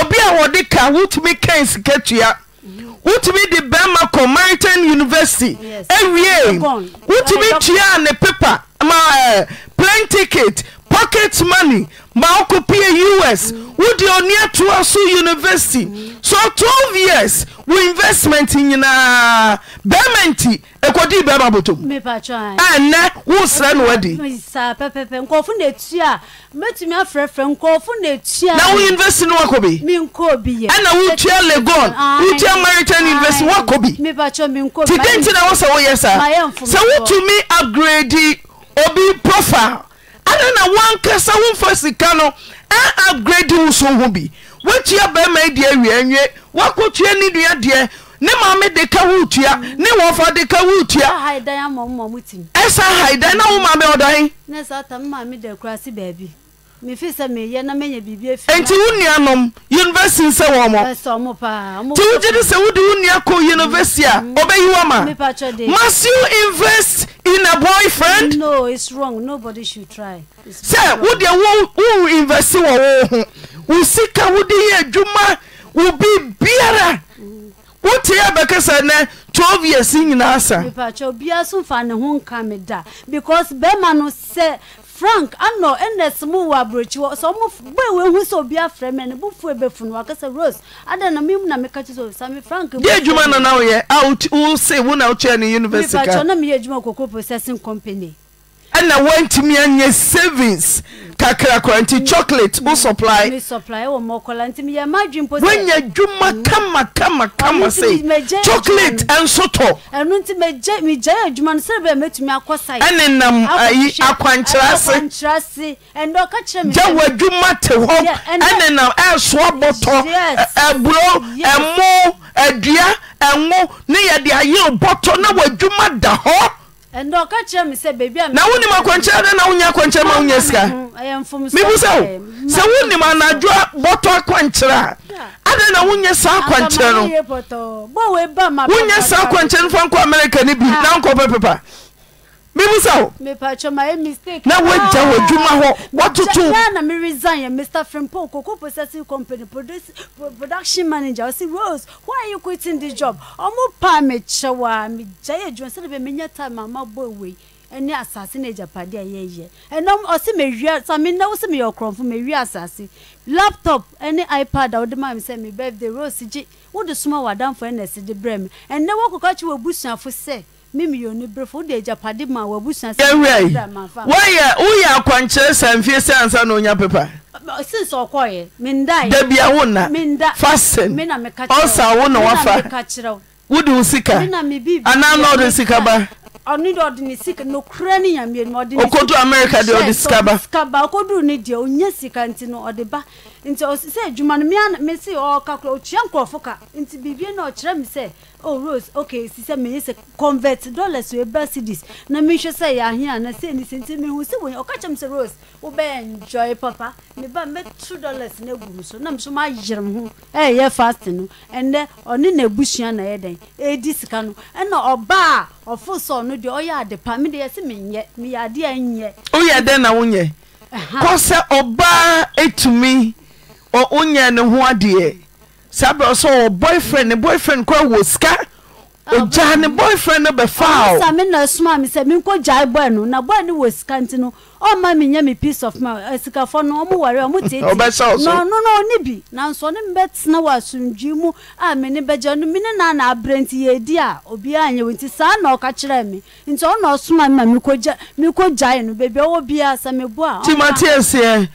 obi a wɔde ka wotumi kɛn sika tua wotumi de bɛrima kɔ maritain university awie e wotumi tua ne paper ma eh, plane ticket pocket money ma wokɔpie us wode ɔnneatoa so university so twelve years wo investment nyinaa bɛrima nti ɛkɔdii bɛrima bɔtɔm ɛnnɛ woresrɛ no wadi na wo university no woakɔ bi ɛna wotua legon ah, wotua maritan university woakɔ bi ti dɛn nti na wo sɛ woyɛ saa sɛ wotumi upgrade obi profile ɛne na woankasa womfa sika no ɛ upgrade wo so ho bi woatua barima yi deɛ awia nwie woakɔtua ne nua deɛ ne maame de ka wo tua ne wɔfa de ka wo tua ɛsa haidan na wo maame ɔdan f ɛnti wo nnuanom university n sɛ wo mɔti wogye de sɛ wode wo nnua ko university a mm-hmm. ɔbɛyi wa ma mus you invest in a boy friend sɛ wodeɛ wo investe wɔ woo ho wo sika wode yɛ adwuma wobi biara mm-hmm. woterɛ bɛkɛsa ne 12yeas nyinaa asa frank anọ ns mu wɔ aburokyi hɔ sɛ ɔmo bɔ ewu ehu sɛ obi afrɛ mɛ ne bo fu ebefu no wakasa rose adan na mimu na meka kyi sɛ sami frank. di edwuma nana oyɛ a wosi wo na wotua ne university ka. mi ba kyɛw na mi yɛ edwuma koko processing company ɛna wantumi anyɛ savings kakra kora nti mm. chocolate wo mm. supply woanya dwuma mm. kama kama kama se chocolate ɛnso tɔ ɛne nam ayi akwankyerɛ ase gya w'adwuma te hɔ ɛne nam ɛɛsoa bɔtɔ aburo ɛmo adua ɛnwo ne yɛde ayɛ bɔtɔ na w'adwuma da hɔ Eh, na wonim akwankyerɛ dɛ na wonya akwankyerɛ ma wonya sika mebu sɛ wo sɛ wonim anadwoa bɔtɔ akwankyerɛ a adɛn na wonya saa akwankyerɛ no wonya saa akwankyerɛ no fa nkɔ amerika no bi na nkɔ pepa mibusa o. mipatro ma ye mistake. na wo jẹ wo juma hɔ ah, wɔtutu. jẹ na mi resign yɛ eh, mr frimpong koko processing company produce production manager ɔsi rose why are you quitting the job ɔmo pa mi kyɛ wa mi jẹ yɛ juma sani bɛ mi nyɛ time a ma bɔ ewe ɛne asase no agyapade a yɛyɛ ɛnam ɔse mewia sa menna wo sɛ meyɛ ɔkorɔmfo mewia asase laptop ne ipad a wode maa me sɛ me birthday rose gye wode soma w'adamfo ɛna ɛse de brɛ me ɛnnɛ woakɔka kye wɔ busuafo sɛ mímiyọ ní bẹrẹ de japade ma wà busan. yẹwura yi wọ́yẹ wúyẹ akwankyerẹ sanfie sẹ ansa na onya pepa. since ọkọ yẹ mi n da yẹ. dabi awo na fasin ọsa awo na wafa wudi wo sika anaa na ọdun sika ba. ɔno deɛ ɔde ne sika nokora ne nyameɛ no ɔkɔdu amerika deɛ ɔde sika ba sika ba ɔkɔduru sika nti no ɔde ba nti sɛ adwuma no mese ɔka kora ɔkyia nkurɔfo ka nti biribie na ɔkyerɛ me sɛ oh rose okay si sɛ meyɛ sɛ convert dollars ɛba cedis na mehwɛ sɛ yɛ ahe ana sɛ ni sɛnti mehu sɛ wɔnya ɔka kyɛm sɛ rose wobɛyɛ enjoy papa meba two dollars na agu so na mso mayere me ho ɛyɛ fast no ɛnɛ ɔne na abusua na ɛyɛ dɛn ɛdi sika no ɛna ɔbaa ɔfo sɛ ɔno deɛ ɔyɛ ade pa mede yɛ sɛ menyɛ meyɛ ade a nyɛ woyɛ dɛn na wonyɛ kɔ sɛ ɔbaa ɛtumi ɔnyɛ ne ho adeɛ saa ọsọ sɛ ɔ boyfriend ne boyfriend koawɔ sika ogya ne boyfriend no bɛfaasa mena somaa me sɛ menkɔgyae bɔe no na bɔe ne wɔ sika nti no ɔma menya me peace of ma asikafɔ no ɔmoware ɔmotetiɔno no ɔne bi nanso ɔne mebɛtena wɔ asomdwee mu a mene bɛgya no mene naana aberɛ nti yɛdi a obiaa nti saa na ɔka kyerɛɛ me nti ɔna ɔsoma me ma mekɔgyae no bebi a wɔ biaa sɛ meboa timatiɛseɛ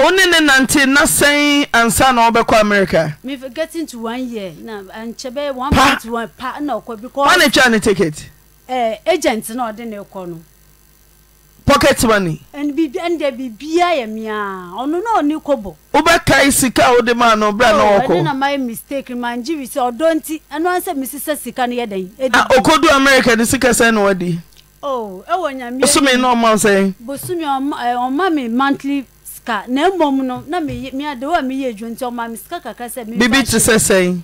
Only ne nante na sɛn ansa na ɔbɛkɔ America. Me getting to one year na nkyɛbɛ one point one pa na ɔkɔ because. Wɔn atwa ne ticket. Ɛɛ agent na ɔde ne kɔ no. Pocket money. Ɛn bi ɛn dɛ bibia yɛ mia ɔno na ɔne kɔ bɔ. Wobɛkae sika a wode maa no bra na ɔkɔ. Ɛde na mayɛ mistake ma ngye bi sɛ ɔdɔ nti ɛno ansɛ misi sɛ sika no yɛ dɛn. A okodu America de sika sɛn na wadi. Oo ɛwɔ nyamia. Bosumi na ɔma sɛn. Eh, Bosumi ɔma ɛ ɔma mi monthly. na mmom no na memea de wɔa meyɛ dwonti ɔma mesika kaka sɛ mbibi kye sɛ sɛe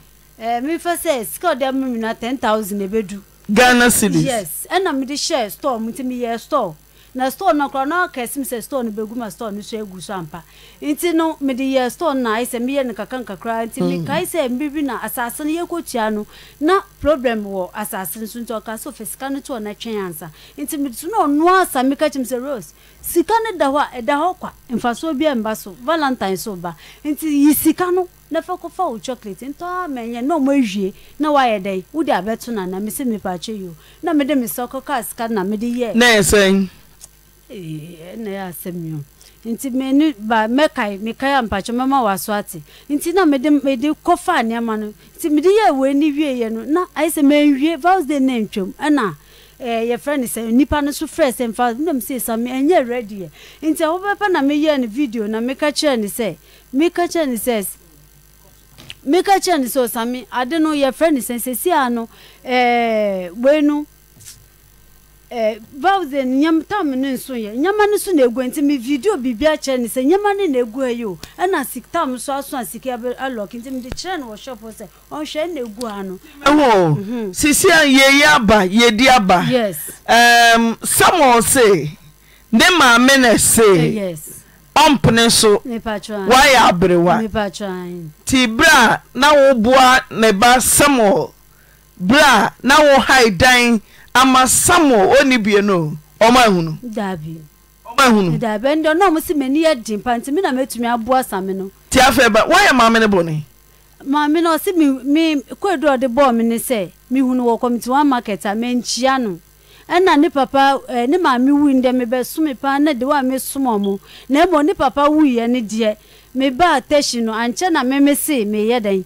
mefa sɛ sika wɔda mo nwuna 10000 ɔbɛdu ghana ciriyss ɛnna mede hyɛ stɔle mu nti meyɛ stɔr na stone no koraa na kɛse mi sɛ stone bɛgu ma stone no so egu so ampa nti no mede yɛ stone na ayɛ sɛ meyɛ no kakra nkakra nti mekae hmm. sɛ mbibi na asase no yɛkɔtua no na problem wɔ asase no so nti ɔka sɛ ɔfɛ sika no to ɔna twɛn ansa nti mede so na ɔno asa meka kyim sɛ rose sika no da hɔ a ɛda eh, hɔ kwa mfasoɔ bi mba so valentine so ba nti yi sika no na fa kɔfa wo chocolate ntɔ amɛnyɛ na ɔmo awie na wayɛ dɛn wode abɛto nana mesɛ mepaakyɛ yio na mede mesɛ kɔkaa sika na mede yɛ na ɛsɛn ɛna eh, ɛyɛ asɛm yi o nti mɛni ba mɛkae mɛkae ampakyɛ mɛma wɔ aso ate nti na mɛde mɛde kɔfa nneɛma no nti mɛde yɛ wɔ ni wie yɛ no na ayɛ sɛ mɛnwie vows day na ntwam ɛna ɛɛ yɛfrɛ no sɛ nipa no so frɛ sɛ nfa ndem sɛ sami ɛnyɛ ready yɛ nti ahobɛpɛ na mɛyɛ no video na mɛka kyerɛ no sɛ mɛka kyerɛ no sɛ mɛka kyerɛ no sɛ sami ade no yɛfrɛ no sɛ sɛsi ano ɛɛ eh, wei Eh, Bawzen nyamtam ne nso yɛ na egu nti me video biribi akyerɛ ne sɛ na egu ayi o ɛna siktam aso a kyerɛ wɔ shop sɛ ɔnhwɛ na egu ɛwɔ mhm. sisi a aba yedi aba. samuel se ne maame na se eh, ɔmpene so wayɛ aberewa Ti a na bua ne ba samuel bra na wo ama samuel oni bie no ọmọ ehunu. dabi ọmọ ehunu. dabi ndo dọ náà mo sì mẹni mpa nti mi na mẹtumi abo asami no. tí a fẹ́ bá wáyé maame ni bọ̀ ni. maame náà sì mi mi kó èdè ọ̀dẹ bọ́ọ̀ mi ni sẹ́ mi hunu wọ kọ́mìtì wọn market a mẹ nkyia no ɛna ne papa ɛɛ ne maame wui ndɛ mi bɛ sumi paa ne de wa mi sum ɔmo na emu ne papa wui yɛ ne deɛ mi ba atɛsi no ankyɛ na mi mi se mi yɛ dɛn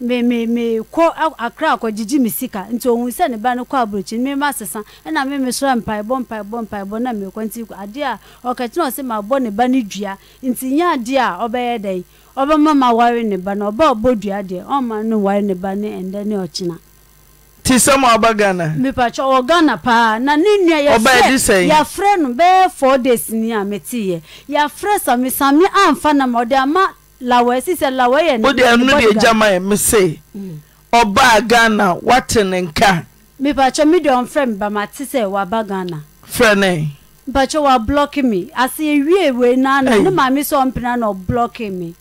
me kọ akra akɔgyegye me sika nti ohun sɛ ne ba no kɔ aburokyi no mema sesa ɛna meme sora mpaebɔ mpaebɔ mpaebɔ na mekɔ nti adeɛ a ɔkɛkyena ɔsɛ mabɔ ne ba no dua nti nyɛ adeɛ a ɔbɛyɛ dɛn ɔbɛma ma ware ne ba no ɔba ɔbɔ dua deɛ ɔma no ware ne ba ne ɛndɛ ne ɔkyena ti sɛm a ɔba ghana mepakyɛ ɔwɔ ghana paa na ne nua yɛfrɛ no bɛyɛ four days ni a meteyɛ yɛafrɛ same sami amfa nam ɔde ama lawɛ sisɛ lawɛ yɛ ne. o de ɛnu de gya ma yɛ mise ɔbaa mm. ghana wate ne nka. mipatsɛ mi de ɔnfrɛ mi bama ti sɛ waba ghana. frɛ ne. wa blɔki mi ase ewie ewe nana ne maame sɛ ɔmpena na ɔblɔki mi.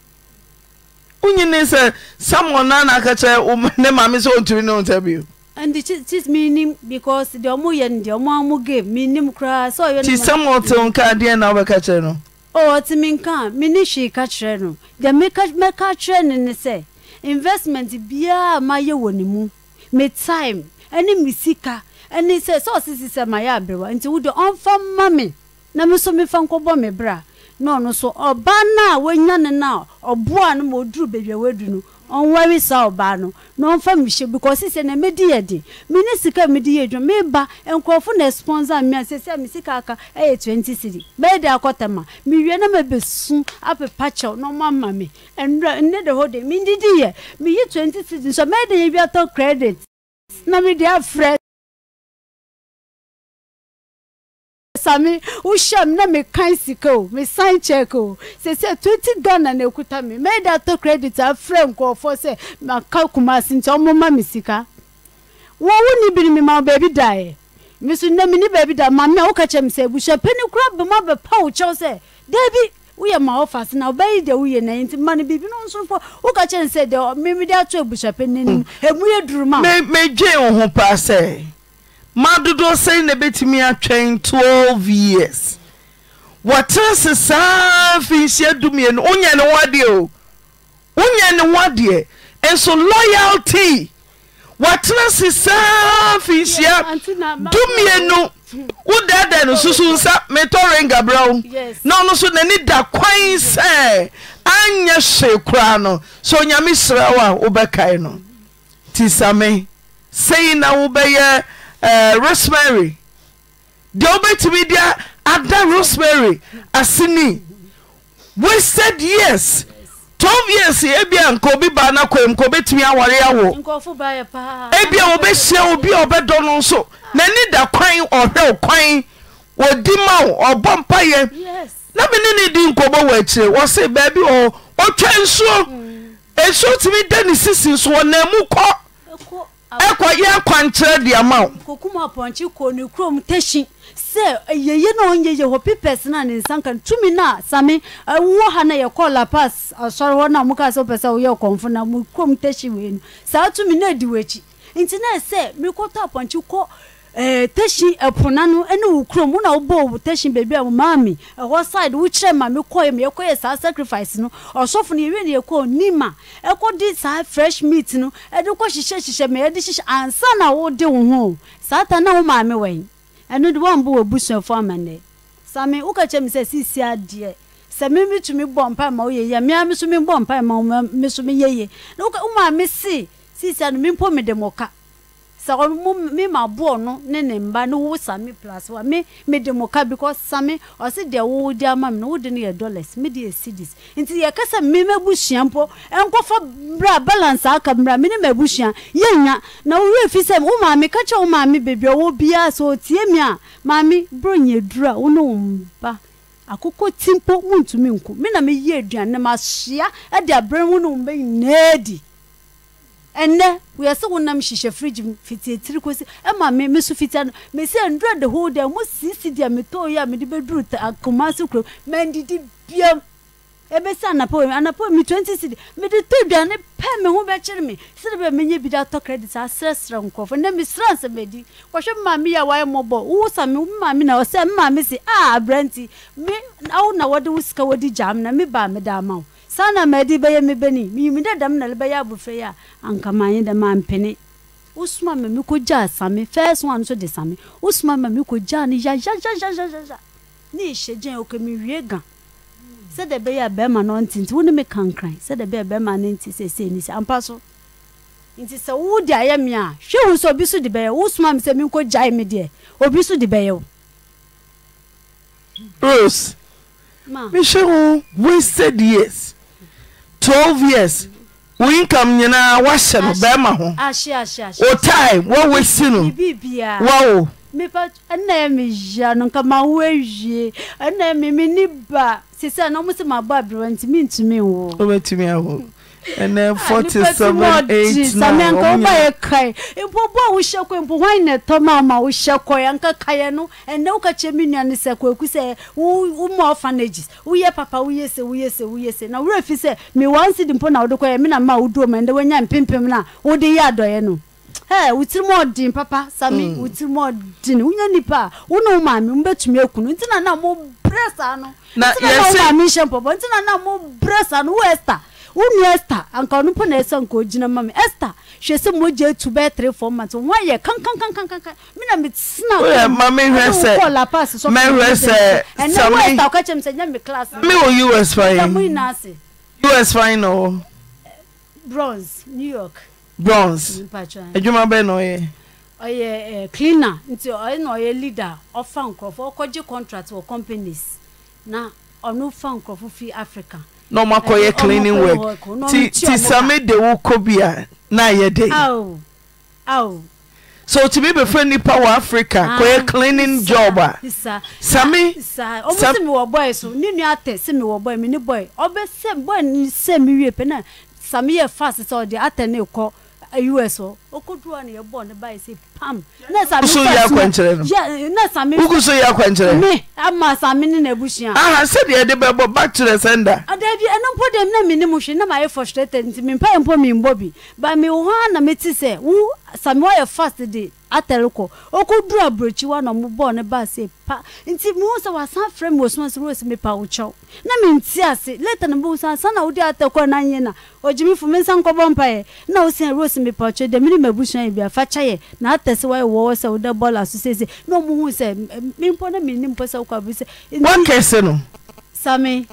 wonyini sɛ samuel nana akakyɛ ne maame sɛ ɔntumi ne ɔntɛ bi. ndi chi mi nim because deɛ ɔmo yɛ no deɛ ɔmo amu game mi nim koraa sɛ ɔyɛ no. ti samuel te nka adeɛ na ɔbɛka kyerɛ no o ti mi nka mi ni hwee ka kyerɛ no deɛ mɛka kyerɛ no ne sɛ investment biara mayɛ wɔ ne mu me time ɛne me sika ɛne sɛ sɛ ɔsisi sɛ mayɛ aberewa nti wode ɔmfa ma me na me so mefa nkɔbɔ me bra na ɔno so ɔbaa no a wanya ne no a ɔboa no ma ɔduru baabi a wadu no On ɔnwari saa ɔbaa no na ɔnfa mi hyɛ because sisi na mi di yɛ di mi ni sika mi di yɛ dwa mi ba nkurɔfo na sponsor mi a sisi mi sika aka ɛyɛ eh, twenty cedi bɛyɛ de akɔta ma mi wie na ma bɛ sun apepa kyɛw na ɔmo ama mi nnura nne de hɔ de mi didi yɛ mi yi twenty cedi nso mɛyɛ de yɛ bi atɔ credit na mi de afrɛ. sami wohyɛ m na mekan sika o mesan check o sɛsɛ twenty ghana na ɛkuta me mɛda ato credit afrɛ nkɔɔfoɔ sɛ maka kumase nti ɔmoma me sika wɔn wo ni biri mi ma baabi daeɛ misu na mi ni baabi da maame a woka kyɛ mi sɛ ebusua panyin kura bɛn mu abɛpa wo kyɛw sɛ deebi woyɛ ma ɔfa se na ɔbɛyi de woyɛ na nti ma no biribi no nso fɔ woka kyɛ mi sɛ deɛ mimi de ato ebusua panyin nim hmm. emu yɛ duruma. mɛ mɛ dwe wo ho paa madodoɔ sɛi na bɛtumi atwɛn 12 yeas watera se saa fiinsyia dumi nu woyɛne wadeɛ o woya ne wadeɛ nso loyalty watera se saa fiinsyia dumie nu wo dada no susuw nsa metɔrengabra wo na ɔno so nani da kwan sɛ anyɛ hee koraa no sɛ ɔnyame serɛ w a wobɛkae no nti same sei na wobɛyɛ ɛɛ eh, rosemary deɛ wobɛtumi de ada rosemary ase ni wasted years twelve years ebia nka obi baa na kɔn mu nka obetumi aware awo ebia wɔbɛhyia obi a ɔbɛdɔ no nso n'ani da kwan ɔhwɛ kwan wɔdi ma wo ɔbɔ mpayɛ na mi ne ne di nkɔmɔ wɔ akyire wɔsi baabi wɔ ɔtwa nsuo mm. nsuo tumi da ne sisi nso wɔ na mu kɔ ɛkɔ yɛ nkwankyerɛ deɛ ma wo kokuma pɔnkye kɔ ne kurom tahyi sɛ yeye na ɔnyɛ yɛ hɔ pepɛs no a ne nsa nka tumi no a same wowɔ ha lapas asɔre hɔ no a sɛ wopɛ sɛ woyɛ ɔkɔmfo na mo kurom tahyi wei no saa tumi no adi w'akyi nti na ɛsɛ mekɔtɔ apɔnkye kɔ tɛsi ɛpona no ɛne wo kurom wona wobɔ wo tɛsi baabi a maame ɛhɔ side wokyerɛ maame kɔɛ ma yɛkɔyɛ saa sacrifice no ɔsɔfo no yɛwie ne yɛkɔɔ nima ɛkɔde saa fresh meat no ɛde kɔ hyehyɛhyehyɛ ma yɛde hyehyɛ ansa na wode wo ho saa ta na wo maame wɔi ɛno de woambɔ wɔbusuafo amannɛ same woka kyerɛ me sɛ sisi adeɛ sɛ me metumi bɔ mpa ma woyɛ yɛ mea me so mebɔ mpa ma me so meyɛ yɛ na wo maame se sisi a no mempɔ mede mɔka sɛ ɔmo mi ma bo ɔno ne ne mba ne wo sami plus wa mi mi de mo ka because sami ɔsi deɛ wo di ama mi na wo de ne yɛ dollars mi de yɛ cedis nti yɛ kasa mi ma bu sua mpo nkɔfɔ bra balance aka bra mi ne ma bu sua yɛ nya na wo yɛ fi sɛ wo maame kakyɛ wo maame beebi ɔwɔ biara so tie mi a maame bro nyɛ dura wo ne wo mba akoko ti mpo wuntumi nko mi na mi yɛ aduane ma hyia ɛde abere wo ne wo mba nyinaa ɛnɛ wiase wo nam hyehyɛ fridge fitietiri kosi ɛma me me so fitia no me sɛ ndura de ho deɛ mo sisi deɛ me tɔɔ yi a mede bɛduru akoma so kuro mɛ ndidi biam ebesi anapɔ mi anapɔ mi twenty ah, cedi mede tɔ aduane pɛ me ho bɛkyere me sere bɛ menye bi de atɔ credit asrɛsrɛ nkɔfo ne mesrɛ nsɛ madi wɔhwɛ maame yi a wayɛ mmɔbɔ wo sa me maame na ɔsɛ maame se a aberɛnti me awo na wɔde wo sika wɔde gyam na me baa meda ama wo saa na madi bɛyɛ me bɛni meyimi dɛ dɛm na lebɛyɛ abofra yi a anka manye dɛm ampene wosoma mi me kɔgyaa same first one nso de same wosoma ma me kɔgyaa no yayayayayaya ne ɛhyɛ gyɛn oka mewie ga sɛdeɛ ɛbɛyɛ a bɛrima no nti nti wo ne mi kankran sɛdeɛ ɛbɛyɛ a bɛrima no nti sɛsei ni sɛ ampa so nti sɛ wode ayɛ me a hwɛ wo sɛ obi so de bɛyɛ wosoma me sɛ menkɔgyae me deɛ obi so de bɛyɛ wo rose mehyɛ wo wasted years Twelve years wo income nyinaa woahyɛ no bɛrima ho wo time wowe si no wawo mepa ɛna mi yia no nka ma wo awie ɛna mi mi ni ba sisi a na ɔmo sɛ ma bɔ abirɛ nti mi wo. o bɛ tumi awo. same wɛ ka bɔ woyɛkɔ nɛ tɔmma wohyɛkɔakakaɛ no nɛ wokakɛ minane sɛswm fan woyɛ pa wnwfsɛ mwse dnawmmwa wode yaɛ wotiruw i tianɛ sa iwmeɛtianɛ san woɛsta wo nua esther anka ɔno mpo na ɛsɛ anka ogyina ma me esther hwɛ sɛ mogya atu bɛyɛ three four months wɔn ayɛ kankankankankan mi na mi sena ɔyɛ ma mi hwɛ sɛ ma hwɛ sɛ ɛnna wo esther ɔka kyerɛ mi sɛ nyɛ mi class mi wɔ us fain ɛmu yi na us fain na wɔ bronze new york bronze adwuma bɛɛ na ɔyɛ ɔyɛ ɛ cleaner nti ɔyɛ na ɔyɛ leader ɔfa nkorɔfo ɔkɔgye contract wɔ companies na ɔno fa nkorɔfo fi africa na ọmụ akọyọ cleaning work ti ti sami de kobia na ayẹ de so tìmí bẹfẹ nípa wọ Africa kọyọ ah, cleaning job a sami. ọmọ sì mi wọ bọ́ọ̀ so nínú àtẹ sì mi wọ bọ́ọ̀ mi ní bọ́ọ̀ ọbẹ̀ sẹ́mi bọ́ọ̀ ni sẹ́mi wíwẹ̀ pẹ́ náà sami yẹ fast sọ ọ́ di àtẹ ní ìkọ́. aus o okɔdua na yɛbɔ ne baɛ se pam nasyɛ knasmwoksoyɛ kyeɛme ama same ne na busua sɛdeɛde bɛbɔ bakture sɛnda ah, da bi ɛno mpo de mna mene mu hwe ne maayɛ fɔ srɛte nti mimpa ɛ mpo mimbɔ bi bat mehaa na meti sɛ o same wayɛ fist da atɛre kɔ ɔkɔduru aburokyi wa na ɔmo bɔɔ ne baase pa nti mo wa wasan frɛ mi osoma sɛ rose mepa wo kyɛw na mente ase leta na bosa ansa na wode atɛ kɔ na nyɛ na ɔgyimi fo me nsa nkɔbɔ mpaeɛ na wosia rose mepa wo mi dɛ mene mabusua yɛ bia fa kyɛyɛ na atɛ sɛ woayɛ wɔwɔ sɛ wodɛ bɔɔl aso sese na ɔmo hu sɛ mempɔ na menni mpɔ sɛ wokɔ abusɛ wakɛse no same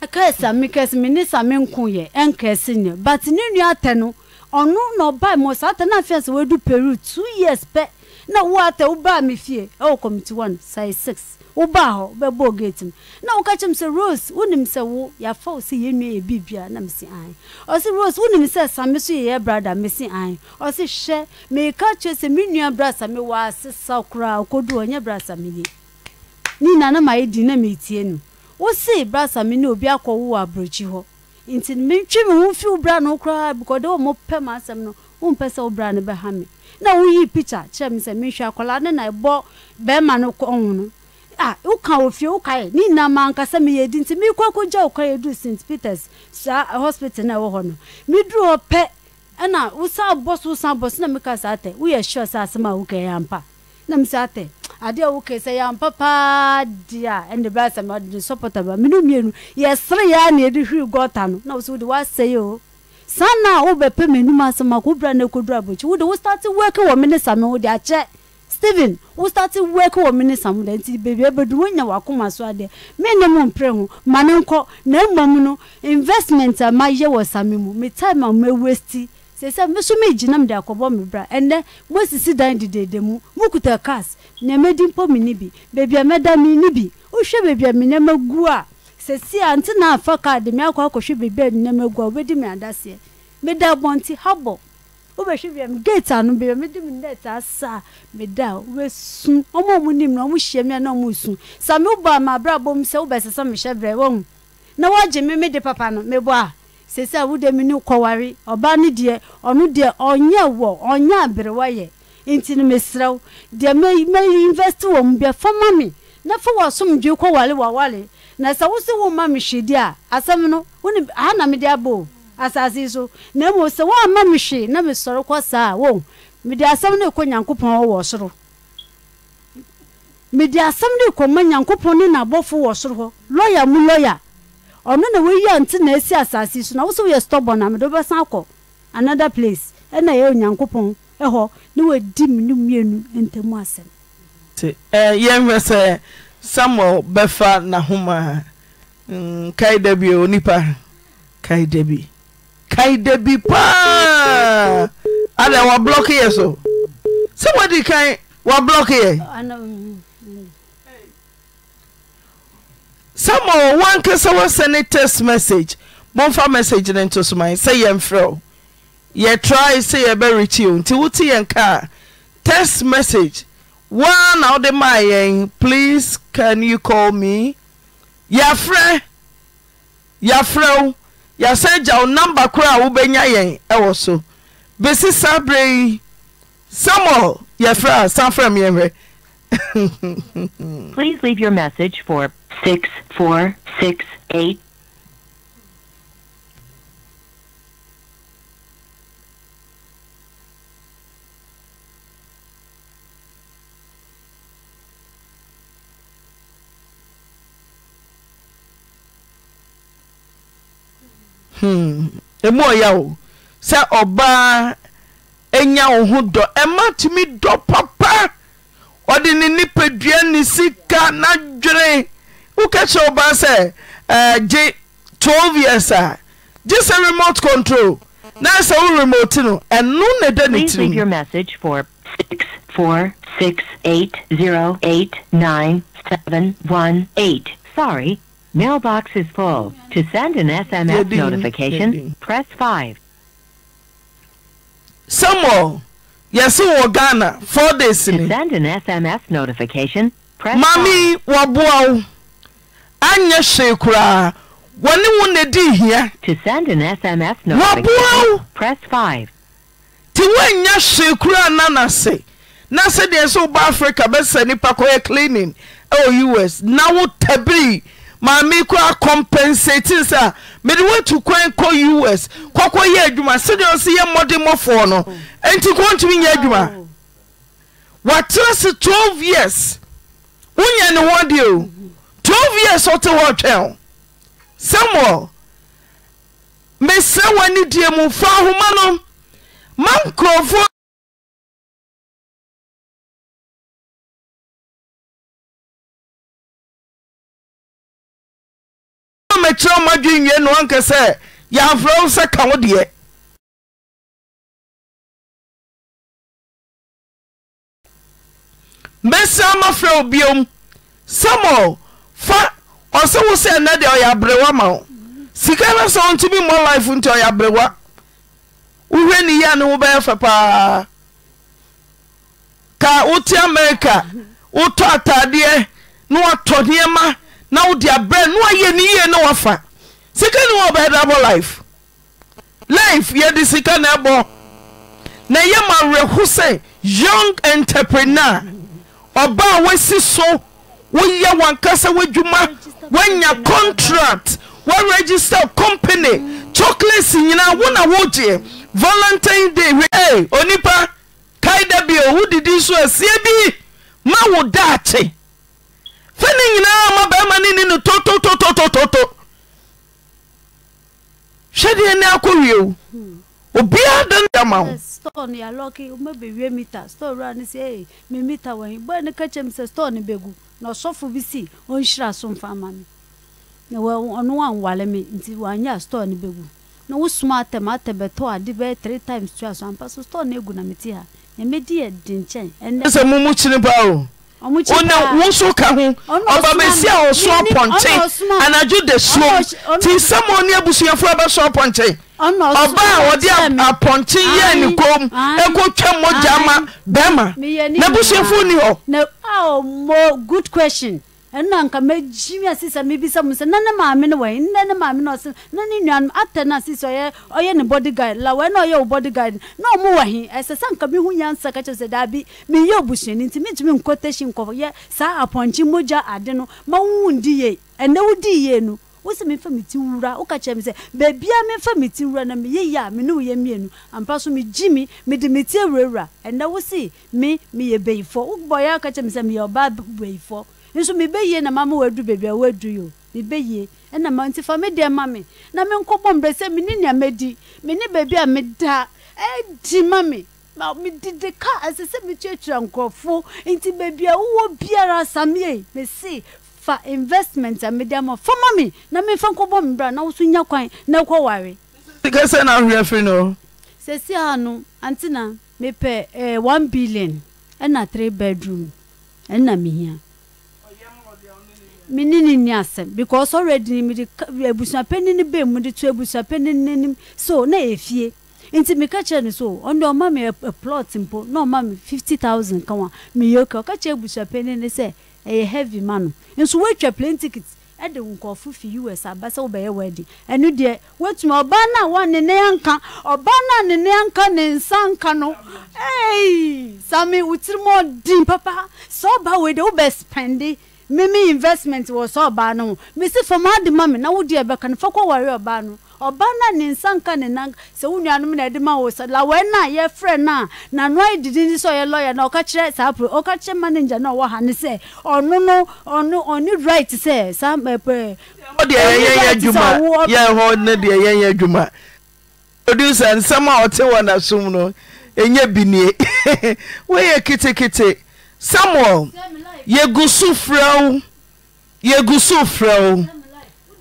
ɛkɛɛ same kɛse mene same nko yɛ ɛnkɛse neɛ but ne nua atɛ no ɔno na ɔbaa mu saa ta na afei sɛ wadu peru two years pɛ na woata wobaa me fie ɛwɔ committee one side six wobaa hɔ bɛbɔɔ gate mu na woka kyɛm sɛ rose wonim sɛ wo yɛafa wo sɛ yɛnnua yɛ biribia na mese an ɔse rose wonim sɛ sami so yɛyɛ brada si an ɔse hwɛ meeka kyerɛ sɛ me nua brasa mi wɔ asesa koraa wokɔdu ɔnyɛ bra same ye ne nana ma yɛdi na metie no si brasa same na obi akɔ wo wɔ aborɔkyi hɔ nti mentwi me ho mfi wo bra no koraa because de wɔmɔ pɛ asɛm no wompɛ sɛ wo bra no bɛha me na woyii picture kyerɛ me sɛ menhwɛ akɔlaa ne na ɛbɔ bɛrima no kɔho no a woka wɔ fie woka yɛ ne nyinaa ma ankasa meyɛ di nti mekɔ akɔgya wokɔ yɛduru st peters saa eh, hospital no ɛwɔ hɔ no meduru hɔ pɛ ɛna wosa bɔ so wosa bɔ so na meka sɛ atɛ woyɛ sure sɛ asɛm a wokɛyɛ ampa na mesɛ atɛ adeɛ a woka sɛ yɛampa diya de a ɛne bɛ asɛm ade sɔpɔta ba mene mmienu yɛsere yɛ a ne yɛde gɔta no na wo sɛ wode woasɛe o saa na a wobɛpɛ m'anim asɛm a kowobra no ɛkɔduru abɔkyi e wode wo starte wɔ me ne same wode akyɛ steven wo starte work wɔ me ne same da nti baabi abɛdu wonya wakoma so adeɛ mene mo mprɛ ho ma ne nkɔ na mmom no investment a mayɛ wɔ same mu me time a mawasti sɛ sɛ meso megyina mede akɔbɔ me bra ɛnɛ moasisi dan dedede mu mokuta cars nneɛma di mpɔ mi ni bi beebi a mɛda mi ni wohwɛ beebi a mi nneɛma gu a sɛsi a nti na afa kaadi mi akɔ akɔhwɛ beebi a mi nneɛma gu a wobɛdi mi adaseɛ meda abɔnti habɔ wobɛhwɛ beebi a mi gate ano beebi a mi di mi net asa meda wobɛsu ɔmo a ɔmo nim na ɔmo hyia mi a na ɔmo su sami bɔ ama abrabɔ mu sɛ wobɛsesa mi hyɛ brɛ wɔn na wɔgye mi mi di papa no mi bɔ a sɛsi a wode mi ni kɔwari ɔbaa ni deɛ ɔno deɛ ɔnyɛ wɔ ɔnyɛ aberewa yɛ nti no mesrɛ wo deɛ invest wɔ mu bia fa ma me na fa wɔasomdwe kɔ wale wawale na sɛ wo se womma me hwedi a asɛm no wone ha na mede abɔ asase so na mmom sɛ woamma me hwe na mesɔre kɔ saa a wo de asɛm no ɛkɔ nyankopɔn wɔ soro de asɛm no ɛkɔma nyankopɔn ne nabɔfo wɔ soro hɔ lɔya mu lɔya ɔno na woyia nte na esi asaase so na wo sɛ yɛ stɔbɔn na mede wobɛsan akɔ another place ɛna yɛ onyankopɔn ɛhɔ yɛmwɛ sɛ samel bɛfa nahoma a mm, kaeda bia onipa kaeda bi kaeda bi paa ada wɔablɔckɔ yɛ so sɛmode kan wablɔckɔ ɛ same woankɛ sɛ wɔsɛne mm, mm. tɛst message bɔ mfa message no ntosoma sɛ yɛmfrɛo yɛ try sɛ yɛbɛrekyi o nti wote yɛn kaa text message woa na wode maa please can you call me yɛafrɛ yɛafrɛ wo yɛasɛ gya wo number koraa a wobɛnya yɛn ɛwɔ so bɛsi saa berɛ yi samuel san frɛ m Please leave your message for 6468 Hmm. emu ɔyɛ o sɛ ɔbaa enya wo ho dɔ ɛma tumi dɔ papa ɔde ne nipadua ne sika n'adwene woka ɔbaa sɛ ɛɛ gye twelve years a gye sɛ remote control na sɛ wo remote no ɛno na ɛda ne tiri Four six eight zero eight nine seven one eight. Sorry, samul yɛ se wowɔ ghana fdasmame waboa wo anyɛ hwee koraa wɔne wo nɛ di hiaboa wo5 nti woanya hwee koraa a nanase na sɛdeɛ sɛ woba afrika bɛsa nnipa kɔyɛ cleaning wɔ us na wo tabiri mame koraacompɛnsatin sɛ a mede wotu kwan kɔ us kɔkɔ yɛ adwuma sedeɛɔ so yɛ mmɔde mɔfoɔ no nti kɔ ntumi nyɛ adwuma wɔaterɛ se 12 yeas wonyane wɔ deɛo 12 yeas wɔte wɔtwɛn wo sɛmwɔ mesɛ w' ane deɛ mu fa ahoma no mankurɔfoɔ makyerɛ ma dwenwie noɔnkɛ sɛ yɛamfrɛ wo sɛ ka wo deɛ mɛsia mafrɛ wo biom samuel fa ɔsɛ wo sɛ ɛnɛ deɛ ɔyɛ aberɛwa ma wo sika no sɛ mmɔ life nti ɔyɛ aberɛwa wohwɛ ne yia ne paa ka wote amerika wotɔ ataadeɛ na na wode aberɛ no ayɛ ne yie na woafa sika ne wɔ ɔbɛyɛ dabɔ life life yɛde sika na ɛbɔ na ɛyɛ ma awerɛho sɛ young entrepreneur ɔba a woasi so woyɛ wankasa w'adwuma woanya contract register company chocolates nyinaa wo na wogyeɛ Valentine day hwee onipa kae da bio wodidi so asie bi ma wo daakye fɛ nyinaa ma barima ne ni to to to deɛ ne akɔ wieo obiaa da no ama wo na ɔsɔfo bi si ɔnhyira so mfa ama me na ɔno wanwale me nti wanyɛ a store no bɛgu na wosoma atɛm atɛm bɛtɔ ade bɛyɛ three times ampa so store na ha yɛ nkyɛn mumu ona wo nsow ka ho ɔba masi a ɔso apɔnkyen anadwo da suom ti sɛm ne abusuafo a bɛso apɔnkyen ɔba a wɔde apɔnkyen yɛ ne kom ɛkɔ twa mmɔ gya ma baimana abusuafoɔ nni hɔ oh, ɛna nka mɛgyi mi asisa mebisa mu sɛ na ne maame no wɔn na ne maame no ɔsɛ na ne nuanom atɛ no asisa ɔyɛ ɔyɛ ni body guide la na ɔyɛ wo body guide na ɔmo wɔ he ɛsɛ sɛ nka mi hu nyansa kakyɛ sɛ daabi mi yɛ obusuani nti mi ntumi nkɔ tɛsi nkɔ yɛ saa apɔnkye mogya ade no ma wo di yie ɛnɛ wo di yie no wosi mi fa mi ti wura woka kyerɛ mi sɛ beebia mi fa mi ti wura na mi yɛ yie a mi ne wo yɛ mienu ampa so mi gyi mi mi de mi ti ewurawura ɛnɛ wosi mi mi yɛ bɛyifɔ wobɔ yɛ aka kyerɛ mi sɛ mi yɛ ɔbaa bɛyifɔ nso mebɛyie na mama wadu baabi a wadu yi o mebɛyie ɛna ma nti fa me deɛ ma me na menkɔ bɔ mbrɛ sɛ mene nea madi mene baabi a meda ɛdi ma me medede ka ɛsɛ sɛ metuatua nkurɔfo nti baabi a wowɔ biara samee mese fa investment a mede ama fa ma me na memfa nkɔbɔ mbrɛ na woso nya kwan na ɛkɔ ware kɛsɛ na ahwerɛ firi no sɛsi a no ante na mepɛ eh, one billion ɛna three bedroom ɛna mehia me ne ne ni asɛm because already mede abusuapɛni no bɛ mu de to abusuapɛni no n'anim so na ɛfie nti meka kyerɛ no so ɔno deɛ ɔma me plot mpo na ɔma me fifty thousand ka wa meyɛ oka ɔka kyerɛ abusuapɛni no sɛ ɛyɛ heavy ma no nso woatwa plane ticket ɛde nkɔfo fi us aba sɛ wobɛyɛ wedding ɛno deɛ woatumi ɔbaa no a wa ne ne anka ɔbaa no a ne ne anka ne nsa nka no ei same wo tiri mu ɔdin papa sɛ ɔba wei de wobɛspɛnde mimi investment wɔ sɛ ɔbaa no ho mesi fam ade ma me na wodi ɛbɛka no fa kɔ wɔre ɔbaa no ɔbaa no ne nsa nka ne nan sɛ wo nuanom na ɛde ma wo sɛ lawɛ no a yɛfrɛ no a nano ayi didi ne sɛ ɔyɛ lɔya na ɔka kyerɛ saa pro ɔka kyerɛ manager no a ɔwɔ ha ne sɛ ɔno no ɔno ɔne right sɛ saa mɛpɛ ɔdeɛ yɛyɛ adwuma yɛn hɔ ne deɛ yɛyɛ adwuma producer nsɛm a ɔte wɔ n'asom no ɛnyɛ binie woyɛ kitikiti samuel yɛgu sow frɛ wo yɛgu sow frɛ wo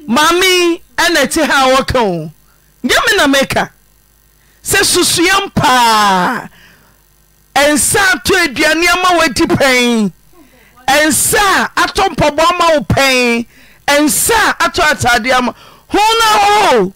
mame ɛna te haa wɔka ho yɛme nameka sɛ susua m paa ɛnsa atɔ aduaneɛma woadi pɛn ɛnsa a atɔ mpabo ama wo pɛn ɛnsɛ a atɔ ataadeɛ ama ho no ahoo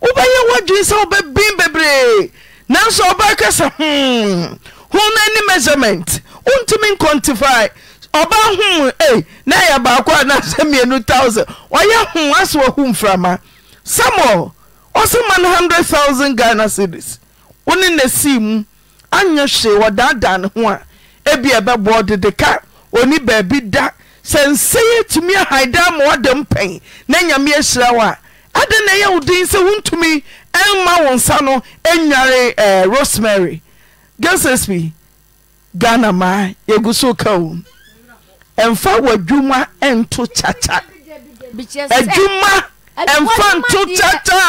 wobɛyɛ woadwensɛ wobɛbin bebree nanso ɔbɛekɛ sɛ h hmm, ho no ani measurement wontumi nkontifae ọba hom e eh, na ɛyɛ baako a na anasɛ mmienu tousand ɔyɛ ho ase ọhụ mframa samuel ɔsɛ ma no 100 ghana cities wo na sii mu anya hwee wɔdaadaa ne ho a ebia ɛbɛboɔ dede ka oni beebi da sɛ nsɛ yɛ atumi ọ dị wɔde mpɛn na nyame ahyira wo a adɛn na ɛyɛ wo din sɛ wontumi ɛmma wo nsa no ɛnware eh, rosemary gilsesby ghana maa yɛgu so ka o ɛmfa w'adwuma nto kyakya adwuma ɛmfa nto kyakya.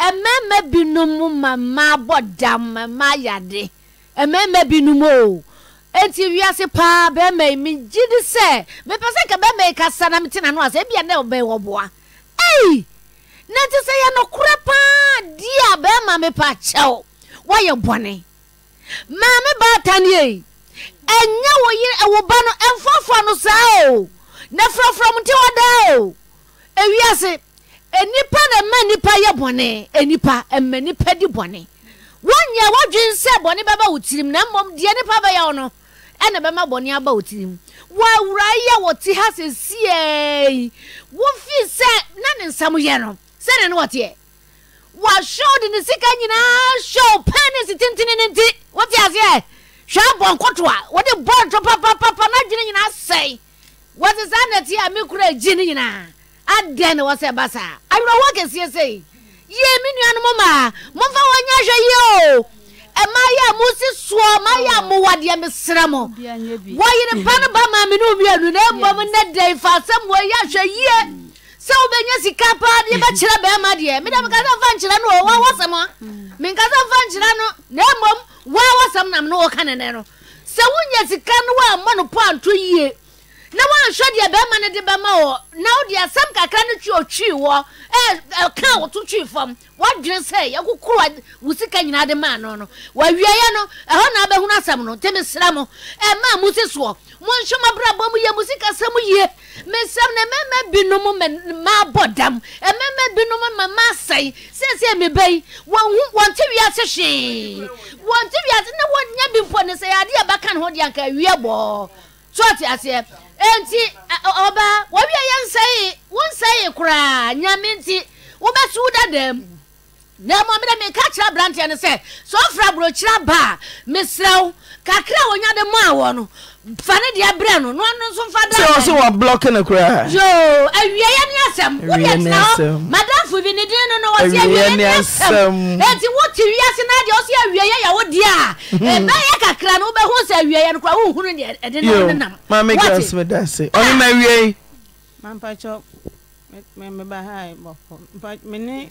mmarima binom mama abɔ dam mama ayade mmarima binom o eti wiase paa bɛrima yi mi gyi di sɛ mepɛ sɛ ka bɛrima yi kasa na mete n'ano ase ebi ɛna ɔbɛn wɔ boa ɛyi na te sɛ yɛ no kura paa di a bɛrima mi pa kyɛw wɔyɛ bɔne maame baatan yɛ yi ɛnyɛ wo yere ɛwo ba no ɛmfrafra no saa o na frafra mu nti wɔda o ewiase enipa na ɛma nipa yɛ bɔne enipa ɛma nipa di bɔne wɔnyɛ wɔdwen sɛ bɔne bɛba wo tirim na mmom deɛ nipa bɛyɛ wo no ɛna bɛma bɔne aba wo tirim wɔawura yɛ wɔ te ha sesiei wofi sɛ na ne nsɛm yɛ no sɛne ne wɔteɛ wɔahyɛ wo de ne sika nyinaa hyɛ pɛn ne si tentene ne nti wɔte aseɛ hwɛ abɔ nkoto a wɔde bɔɔl to papapapa n'agyina nyinaa sɛn wɔde saa nɛte a mi kura gyi nyinaa adɛn na wɔsɛ e ah. ba saa awerɛhoɔ kɛseɛ sɛn yie mi nuanom ma momfa wɔn hwɛ yie o mmaayɛ a mosi soɔ mmaayɛ a mowɔ mesrɛ mo wɔyere pa no ba maame ne wo na mmom nnɛ dɛn fa asɛm wɔ yɛ ahwɛ yie. sɛ wobɛnya sika paa ne yɛbɛkyerɛ bɛɛma deɛ meda mekasɛ mfa nkyerɛ no ɔwa wɔ sɛm a menkasɛ mfa nkyerɛ no na mmom woa wɔ sɛm nam ne wɔka ne nɛ no sɛ wonya sika no wɔ ammɔ no pɔ anto yie na wanhwɛ deɛ bɛrima no de bɛma wɔ na wode asɛm kakra no twi ɔtwii wɔ ɛka woto twii fam wadwene sɛ yɛkokoro wo sika nyinaa de maa no no wawieɛ no ɛhɔ na abɛhunu asɛm no nti mesra mo ɛmaa mu si soɔ monhwɛ mabrabɔ mu yɛ mu sika sɛm yie mesɛm na mɛma binom maabɔ dam ɛmɛma binom ma maasɛe sɛsɛ meba yi wɔnte wiase hwee wɔnte wiase na wɔnya bi mpɔ ne sɛ adeɛ bɛka ne ho deɛ anka awie bɔɔ so ate aseɛ nti ọba eh, wọbi a yẹ nsa yi wọn nsa yi koraa nyame nti wọbɛsi wọ dada mu na mmom de meka kyerɛ aberanteɛ no sɛ sɛ ɔfra burokyerɛ ba a mesrɛ wo kakra a wɔnya de maa wɔ no fa ne deɛ berɛ no na ɔno nso mfa da sɛ wɔ blɔke no koraa yo awieɛ ne asɛm wodeɛ tena hɔ madamfo bi ne din no no wɔse awieɛ ne asɛm ɛnti wote wiase no adeɛ ɔse awieɛ yɛ wo deɛ a ɛbɛyɛ hmm. eh, kakra no wobɛhu sɛ awieɛ no koraa wonhunu deɛ ɛde ne ne nam mame gas medase ah. ɔne ma awiei mampakyɛ meba ha bɔkɔ mene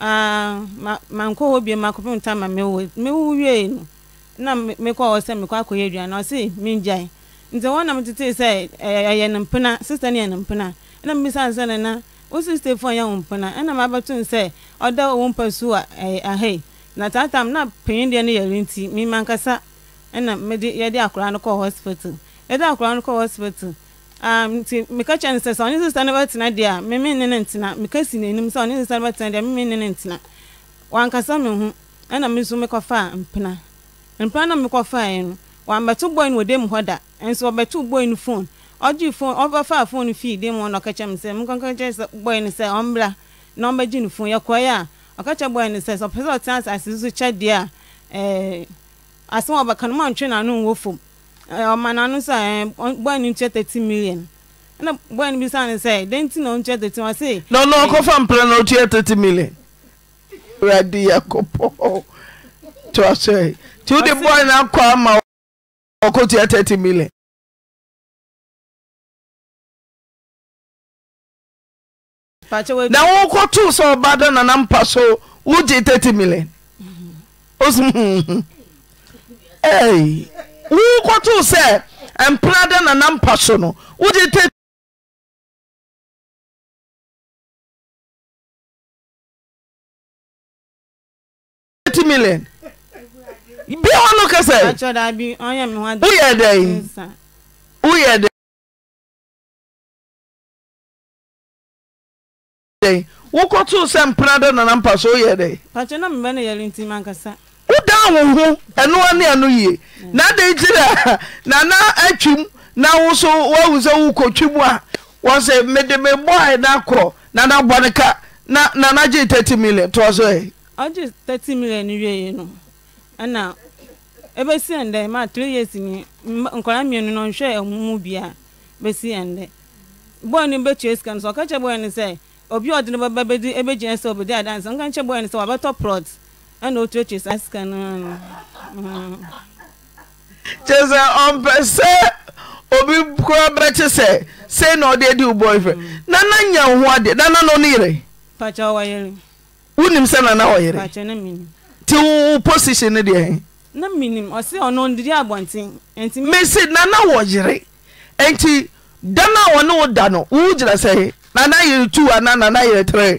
Ah, mankɔ hɔ bie makɔpem ta ma mewo mewo wie no na mekɔ hɔ sɛ mekɔ akɔyɛ aduane ɔse mengyae nti wɔn nam tetee sɛ ɛyɛ ne mpena sista ne yɛ na mpena ɛna mbisa sɛ ne na wo sista fo yɛ wo mpena ɛna mabɛto n sɛ ɔda wo mpa so a ahei na m na panyin deɛ no yɛre nti memankasa ɛna mede yɛde akɔraa no kɔɔ hospital yɛde akɔraa no kɔɔ hospital Um, nti meka kyɛ ne sɛ sɛ ɔne sesa no bɛtena deɛ a meme ne no ntena meka si n'anim sɛ ɔne sesa no bɛtena deɛ meme ne no ntena wankasa me ho ɛna me nso mekɔfaa mpena mpena na mekɔfaeɛ no wambɛto bɔi no wɔ dam hɔ da nso wɔbɛto bɔi no phone ɔgye phone ɔbɛfaa phone fii dam hɔ na ɔka kyɛ me sɛ mekɔka kyɛ sɛ bɔi sɛ ɔmbra na ɔmbɛgye no phone yɛkɔeɛ a ɔka kyɛ sɛ sɛ ɔpɛ sɛ ɔtena asase so kyɛ deɛ a eh, asɛm Eh, ọmana anu sɛ eh, bɔn ni nkyɛ thirty million ɛna bɔn ni bi sa ni sɛ dɛnti na ɔnkyɛ thirty wa se. na ɔno ɔkɔfa mpere na ɔkyɛ thirty million wurade yɛ kɔpɔ tí wàá sɛ yìí tí o de bɔn na kɔ ama ɔkɔ kyɛ thirty million. na wọn kɔ tó sɛ na dɔ nana mpa so wọ́n gye thirty million. ó mhm. wokɔtoo sɛ mpra da nana mpa so no wogye t million bia hɔ no kɛ sɛ woyɛ dɛn woyɛ dɛn wokɔtoo sɛ mpra da nana mpa so woyɛ dɛn woda wo ho ɛnoa ne ano yie mm. na adɛn nti a na atwim na wo so woawu sɛ wokɔtwi mu a wɔ sɛ mede mebɔa ɛna korɔ nana bɔ ne ka nana gyee 30 million toa so ɛ ɔgye 30 million no wiei no ɛna ɛbɛsi ɛndɛ ma 3 years ni nkɔla mmienu no nhwɛ amumu bia bɛsi ɛndɛ bɔɔ no bɛtua sika no sɛ ɔka kyɛ bɔɔ no sɛ obi a ɔde no bɛba bɛdi ɛbɛgyina sɛ obɛdi adansa nka nkyɛ bɔɔ no sɛ wabɛtɔ prɔt a na otu eche sasika n'ọrụ chese ọmpe se obi kura bere se na ọ dị edi ugbo ife mm. nana nya nhu adị na nọ n'ire pacha ọwa yere wunim se nana ọ yere pacha na minim ti wu position dị ehe na minim ọ sị ọ nọ ndị agbanti enti mesi nana wọ yere enti dana wọ na ụda nọ wu gyina sị na yere two ana na yere three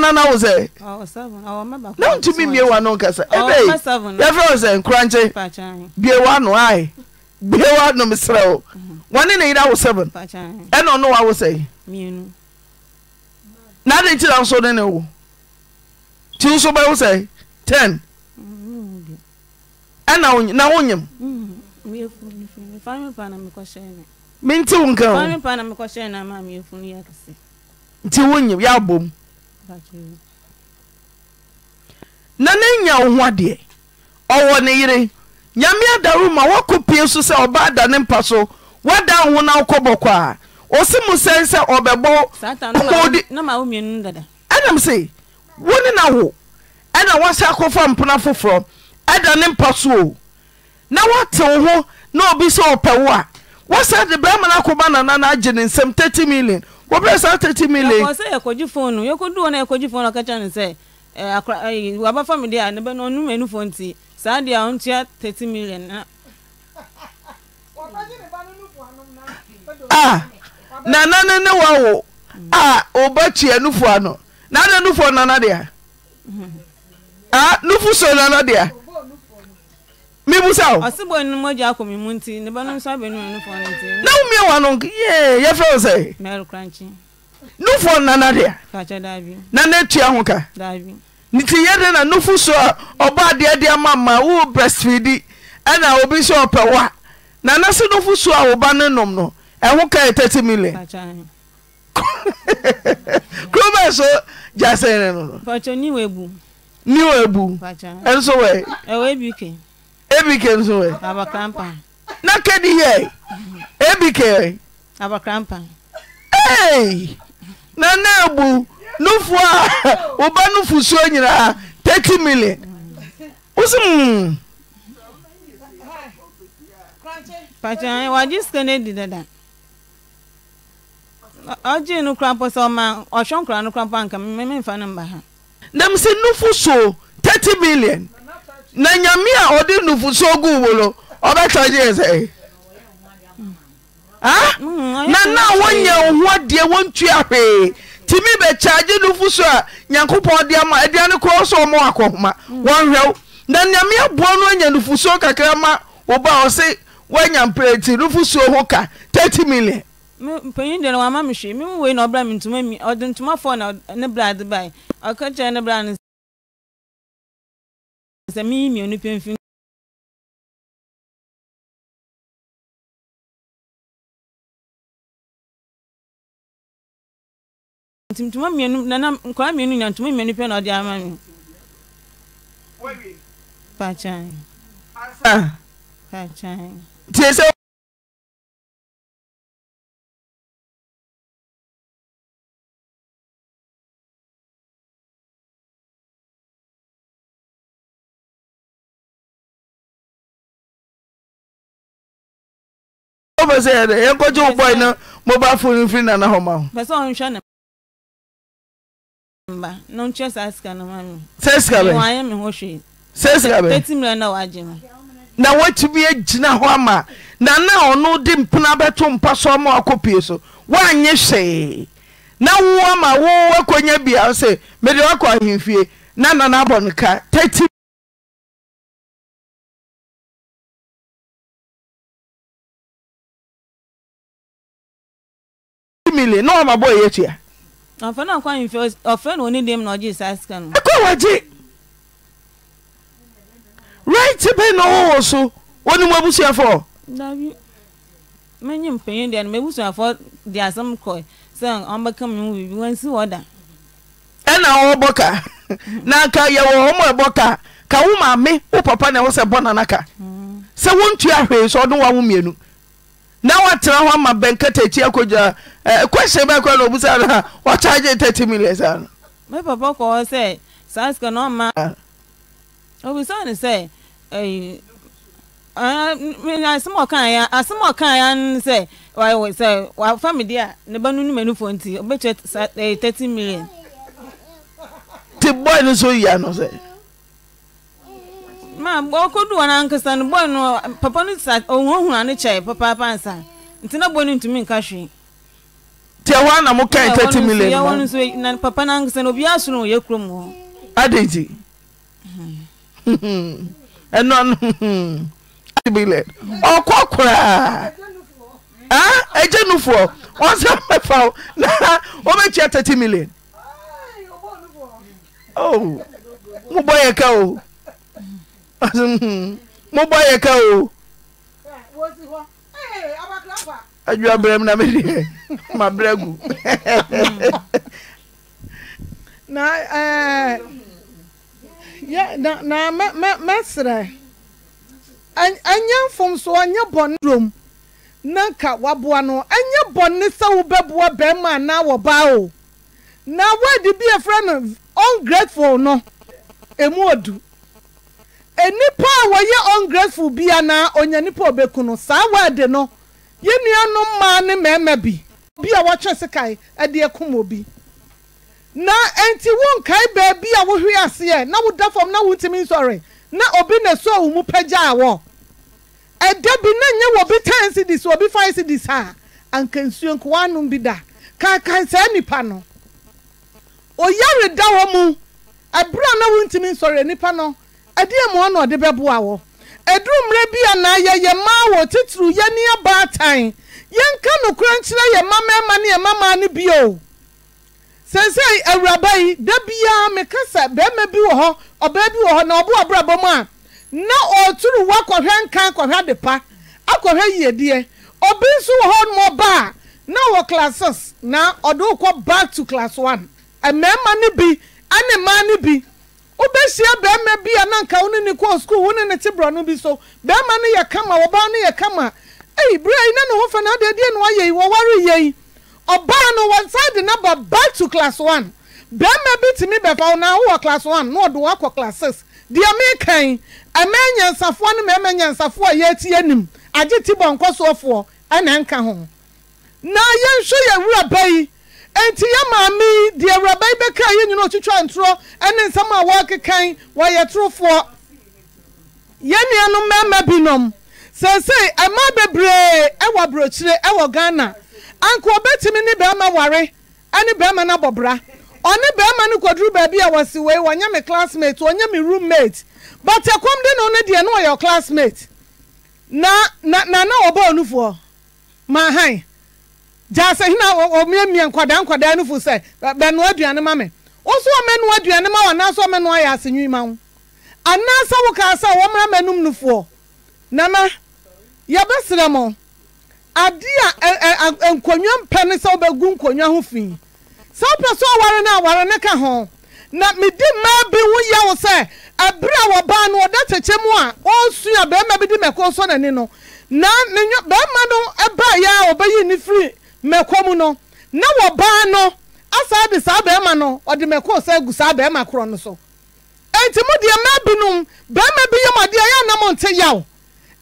na nana wo sɛ na ntumi mmie wa no nkasa ɛbɛyi yɛfrɛ wo sɛ nkorankye bie wa no ae bie wa no meserɛ wo mhm. wɔne ne yera wo seven ɛna ɔno wa wo sɛ na ade nti na nso ne ne wo nti nso bɛwo sɛ ten mhm. ɛna na wonyim mhm. menti wo nka wo nti wonyim yɛabom na wo ho adeɛ ɔwɔ ne yere nyame adaro ma pie so sɛ ɔba ne mpa so wo na wokɔ bɔkɔ a ɔse mu sɛn sɛ ɔbɛbɔ ɛnam se wo ne na wo ɛna woasɛ akɔfa mpona foforɔ ɛda ne mpa so o na wo ho na obi sɛ ɔpɛ wo a woasɛ de bɛrima no akɔba agye ne nsɛm 30 million wɔbrɛ saa thirty million. ɛkɔ sɛ ɛkɔgye fone no yɛkɔdu hɔ na ɛkɔgye fone no ɔkɛkyɛ no sɛ akora ayi wabɛfa mi deɛ a nebɛ no ɔnum ɛnu fone ti saa deɛ a ɔntua thirty million na. Ah, a nana ne ne wa wo a ah, ɔba kyi ɛnufu ano na adi ɛnufu ɔnana mhm. a ah, nufu so ɔnana deɛ. mimu sɛwona womiahano yɛfɛ wo sɛ nofoɔ nanadea nana tua hoka nti yɛde na nofo suo a ɔba adeadeɛ ma ma woo brest feedi ɛna obi sɛ ɔpɛ wa nanasɛ nofo suo a wo ba ne nom no ɛho ka 30 milion kuromɛɛ so gyasɛe non w abu abk nso ɛ. abakrampa. na kedi yɛ abk ɛ. abakrampa. ee na na ebu nufu oba ọba nufu suo nyinaa thirty million wosi mu. pàṣẹ wàjú sikẹ́ndé di dada ọjì inú kura mpọ sọ ọma ọ̀ṣọ́ nkura inú kura mpọ nkà mímí nfa ni mba ha. dem si nufu so thirty million. na nyame a ɔde nofusuo gu bo lo ɔbɛkagye ɛ sɛna mm, na wonya o hoɔ deɛ wɔntu ahwee ntimi bɛkyagye no fo soo a nyankopɔn de ama adeane korɔ sɛ ɔma w akɔhoma nhwɛw na nname aboa no anya nofusuo kakra ma woba ɔse woanya mprɛti no fosuo ho ka 0mili0n sɛ meyi mmienu pɛmfin ntoma mmienu nana nkɔla mmienu na ntoma mmienu pɛ na ɔde ama mi. paakyan. paakyan. tie sɛ fɛ sɛ yɛ dɛ ɔnkɔgye wo bɔe no mɔba fo nemfiri nana hɔ ma hosikasikna woatimi agyina hɔ ama nana ɔno de mpena bɛto mpa so ama akɔ pie so woanyɛ hyɛe na wo ama wowakɔnya bia ho sɛ mede woakɔ ahemfie na nano abɔ noka feeling na ɔma bɔ ɛyɛ tia. ɔfɛ na ɔkwa nfɛ ɔfɛ na oni dem na ɔgye saa sika no. ɛkɔ wagye right bɛ na ɔwɔ wɔ so wɔn mu abusuafo. dabi mɛnyi mpanyin deɛ no mɛ abusuafo de asɛm kɔ sɛ ɔmbɛka mu bibi wɔn si wɔ da. ɛna ɔbɔ ka na nka yɛwɔ wɔn ɛbɔ ka ka wo maame wo papa na ɛwɔ sɛ bɔ nanaka sɛ wɔntua hwee sɛ ɔde wɔn awo mmienu na watena hɔ ama bɛnkatakyi akɔgya kwɛhyɛ eh, bɛkɔ na obusa no a wɔkyagye 30 million saa no me papa kɔɔ sɛ saa sika na ɔma ah. obisa ne sɛ eh, ah, asɛm ɔkaeɛ asɛm ɔkaeɛ no sɛ sɛ wafa me deɛ a ne ba no no manufoɔ nti ɔbɛkyɛ 30 eh, million nti bɔe no so yia no sɛ ma ɔkɔdu wɔn ankasa no bɔɔl no papa no sa ɔhunahuna ne kyɛ papaapa nsa nti na bɔɔl no ntumi nka hwee. tiɛ wɔn na mo kɛn thirty million no. wɔn nso na papa no ankasa hmm. no obi asoro wɔ yɛ kurom hɔ. adeji ɛnɔ no thirty million ɔkɔ koraa ɛgye nufoɔ wɔn sɛ mɛfa o na wɔn bɛ kyɛ thirty million. oh mo bɔ yɛ ka o mo bɔ yɛ ka o. adu abirɛ mu na mi deɛ ma brɛ gu. na ɛɛ eh, yɛ na na mɛ mɛ mɛsrɛ ɛnyɛ mfomso ɛnyɛ bɔn rom na nka waboa no ɛnyɛ bɔn ne sɛ wobɛboa bɛrima anaa wɔ baa o na wɔadi bi efra no ungrateful no emu odu. enipa a wɔyɛ ungrateful bia na onya nipa obeku no saa wɛɛde no yɛn nuanom mmaa ne mmarima bi bi a wɔtwe sekan ɛde ɛkum obi na nti wonkae beebi a wohwe aseɛ na woda fam na wontumi nsɔre na obi na so a wɔn mu pagya awɔ ɛda bi na nye wɔ bi ten cedis wɔ bi five cedis a anka nsuo nkowa anum bi da kankan saa nipa no oyare da hɔ mu ɛbrɛ na wontumi nsɔre nipa no. ɛdeɛ mu ɔna ɔde bɛboa wɔ ɛduru mmerɛ bi a na yɛyɛ mmaa wɔ titiri yɛne abaatan yɛnka nokora nkyerɛ yɛ mma mmarima ne yɛ maa no bio sese awuraba yi da biara meka sɛ bɛrima bi wɔ hɔ ɔbaa bi wɔ hɔ na ɔbo abrabɔ mu a na ɔreturu wa kɔhwɛ nkan kɔhwɛ adepa akɔhwɛ yiedie obi nso wɔ hɔ nom ɔba a na wɔ classes na ɔde wokɔ back to class one mmarima no bi ne mmaa no bi wobɛhyia bɛrima bi a na anka wo ne kɔɔ skuul wo ne ne te borɔno bi so bɛrima no yɛ kama wɔbaa no yɛ kama ei berɛ yi na ne na wayɛ yi wɔwareyɛ yi ɔbaa no wɔsan de naba back to class one bɛrima bi tumi bɛfa wo na wowɔ class one na a yɛati anim agye ti bɔnkɔsoɔfoɔ ɛna ho na yɛnhwɛ nti yɛ maame yi deɛ awuraba yi bɛka yɛ nyina otwitwa ntorɔ ne nsɛm a wɔkekan wɔyɛ torofoɔ yɛn nuanom bi binom seesei mmaa bebree wɔ aburokyire wɔ ghana anka obetumi ne barima ware ne barima no bɔbra ɔne barima no kɔduru baabi a wɔsi wei wɔnyɛ me classmate wɔnyɛ me roommate but ɛkɔm de no ne deɛ no wɔyɛ classmate na na na na wɔbɔ onufoɔ maahan. gyaasa hin a omiamia nkwadaa nkwadaa no fu sɛ bɛnoa aduane ma me woso ɔmɛnoa aduane ma wɔn anaasɛ ɔmɛnoa yɛ asenwi ma wo anaasɛ wokaa sɛ wɔmmra m'anum nufoɔ nana yɛbɛsrɛ mo ade a nkonnwa mpɛ ne sɛ wobɛgu nkonnwa ho fi sɛ wopɛ sɛ ɔware no aware ne ka ho na medi mmaa bi ho yɛ wo sɛ ɛberɛ a wɔbaa no ɔda kyekyɛ mu a ɔresu bɛrima bi de mɛkɔ sɔ n'ani no na ne bɛrima no ɛbaa yɛ a ɔbɛyi ne firi mɛkɔ mu no na wɔbaa nọ asaa adị saa bɛrima no ɔde mɛkɔ sɛ agu saa bɛrima korɔ no so enti mo deɛ mmaa binom bɛrima bi yam adeɛ ɛyɛ anam nte yaw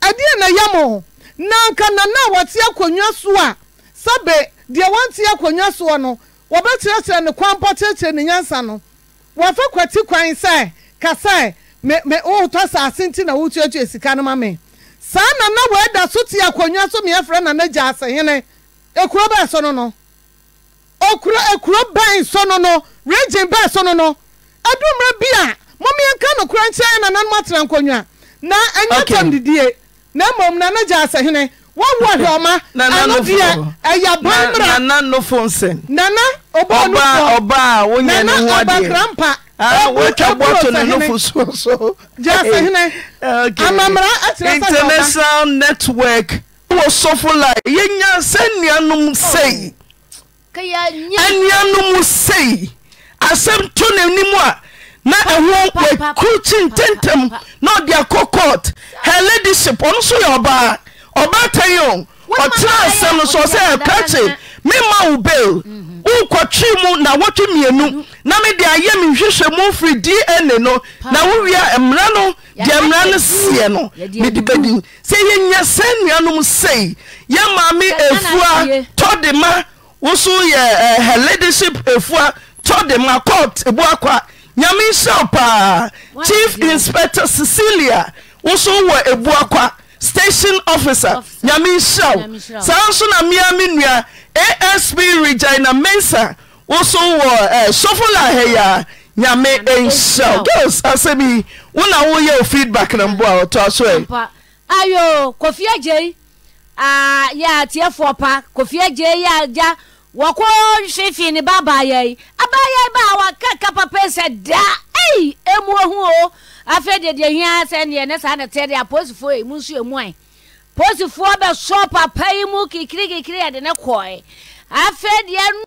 adeɛ na yam na nka na na wɔte akonnwa so a sɛbe deɛ wɔnte akonnwa soɔ no wɔbɛkyerɛkyerɛ ne kwan pɔkyerɛkyerɛ ne nyansa no wɔfa kwati kwan sɛ kasɛ me me wotɔ saase nti na wotuatua sika no ma me saa na nana wɔada so te akonnwa so meɛfrɛ nana gya asehene ekuro baa so no okuro ekuro baa nsọ no region baa so no no bi a mɔmiɛnka nkyɛn na nanom atena nkonnwa na enyata tam didie na emom na anagya asɛhene wawu ɔhwɛ ɔma ano deɛ ɛyɛ ban mmra nana ɔbɔ nana ɔba krampa wotwa bɔto network wɔsofola yɛnya sɛ nnuanom oh. sɛi anua no mu sei asɛm to ne anim a na ɛho wakur kyi ntɛntɛm na ɔde akocort hɛ ladyship ɔno so yɛ ɔbaa ɔbaa ta eo ɔtera asɛm no so ɔsɛ ɛkra kye mema wo bel mm-hmm. wonkɔtwee mu na wotwe mienu, mm-hmm. na mede ayɛ mehwehwɛ mu firi dna no na wowia mmara no deɛ mmara no seɛ no mede bɛdim sɛ yɛnya sɛ nnuanom sei yɛ maame afua tɔde ma yɛ eh, her leadership afua tɔde ma cort ebuakɔ nyame nhyɛw paa chief inspector cecilia wo so wɔ ebuakɔ a station officer nyame nhyɛw saa nso na meaa me nua asp reginamɛnsa wo so wɔ eh, sofo la hɛyɛa nyame nhyɛw asɛ bi wona woyɛ ofeedback no mboa ɔtoa so wɔkɔ hwe fii ne ba abaayɛ yi abaayɛ ba a wakaka papa da ei emu ohu o afei deɛ deɛ hia sɛ neɛ ne saa ne tɛ deɛ apolisifoɔ yi mu nso emu ayi polisifoɔ bɛsɔ papa yi mu kikirikikiri yɛde ne kɔɛ afei deɛ.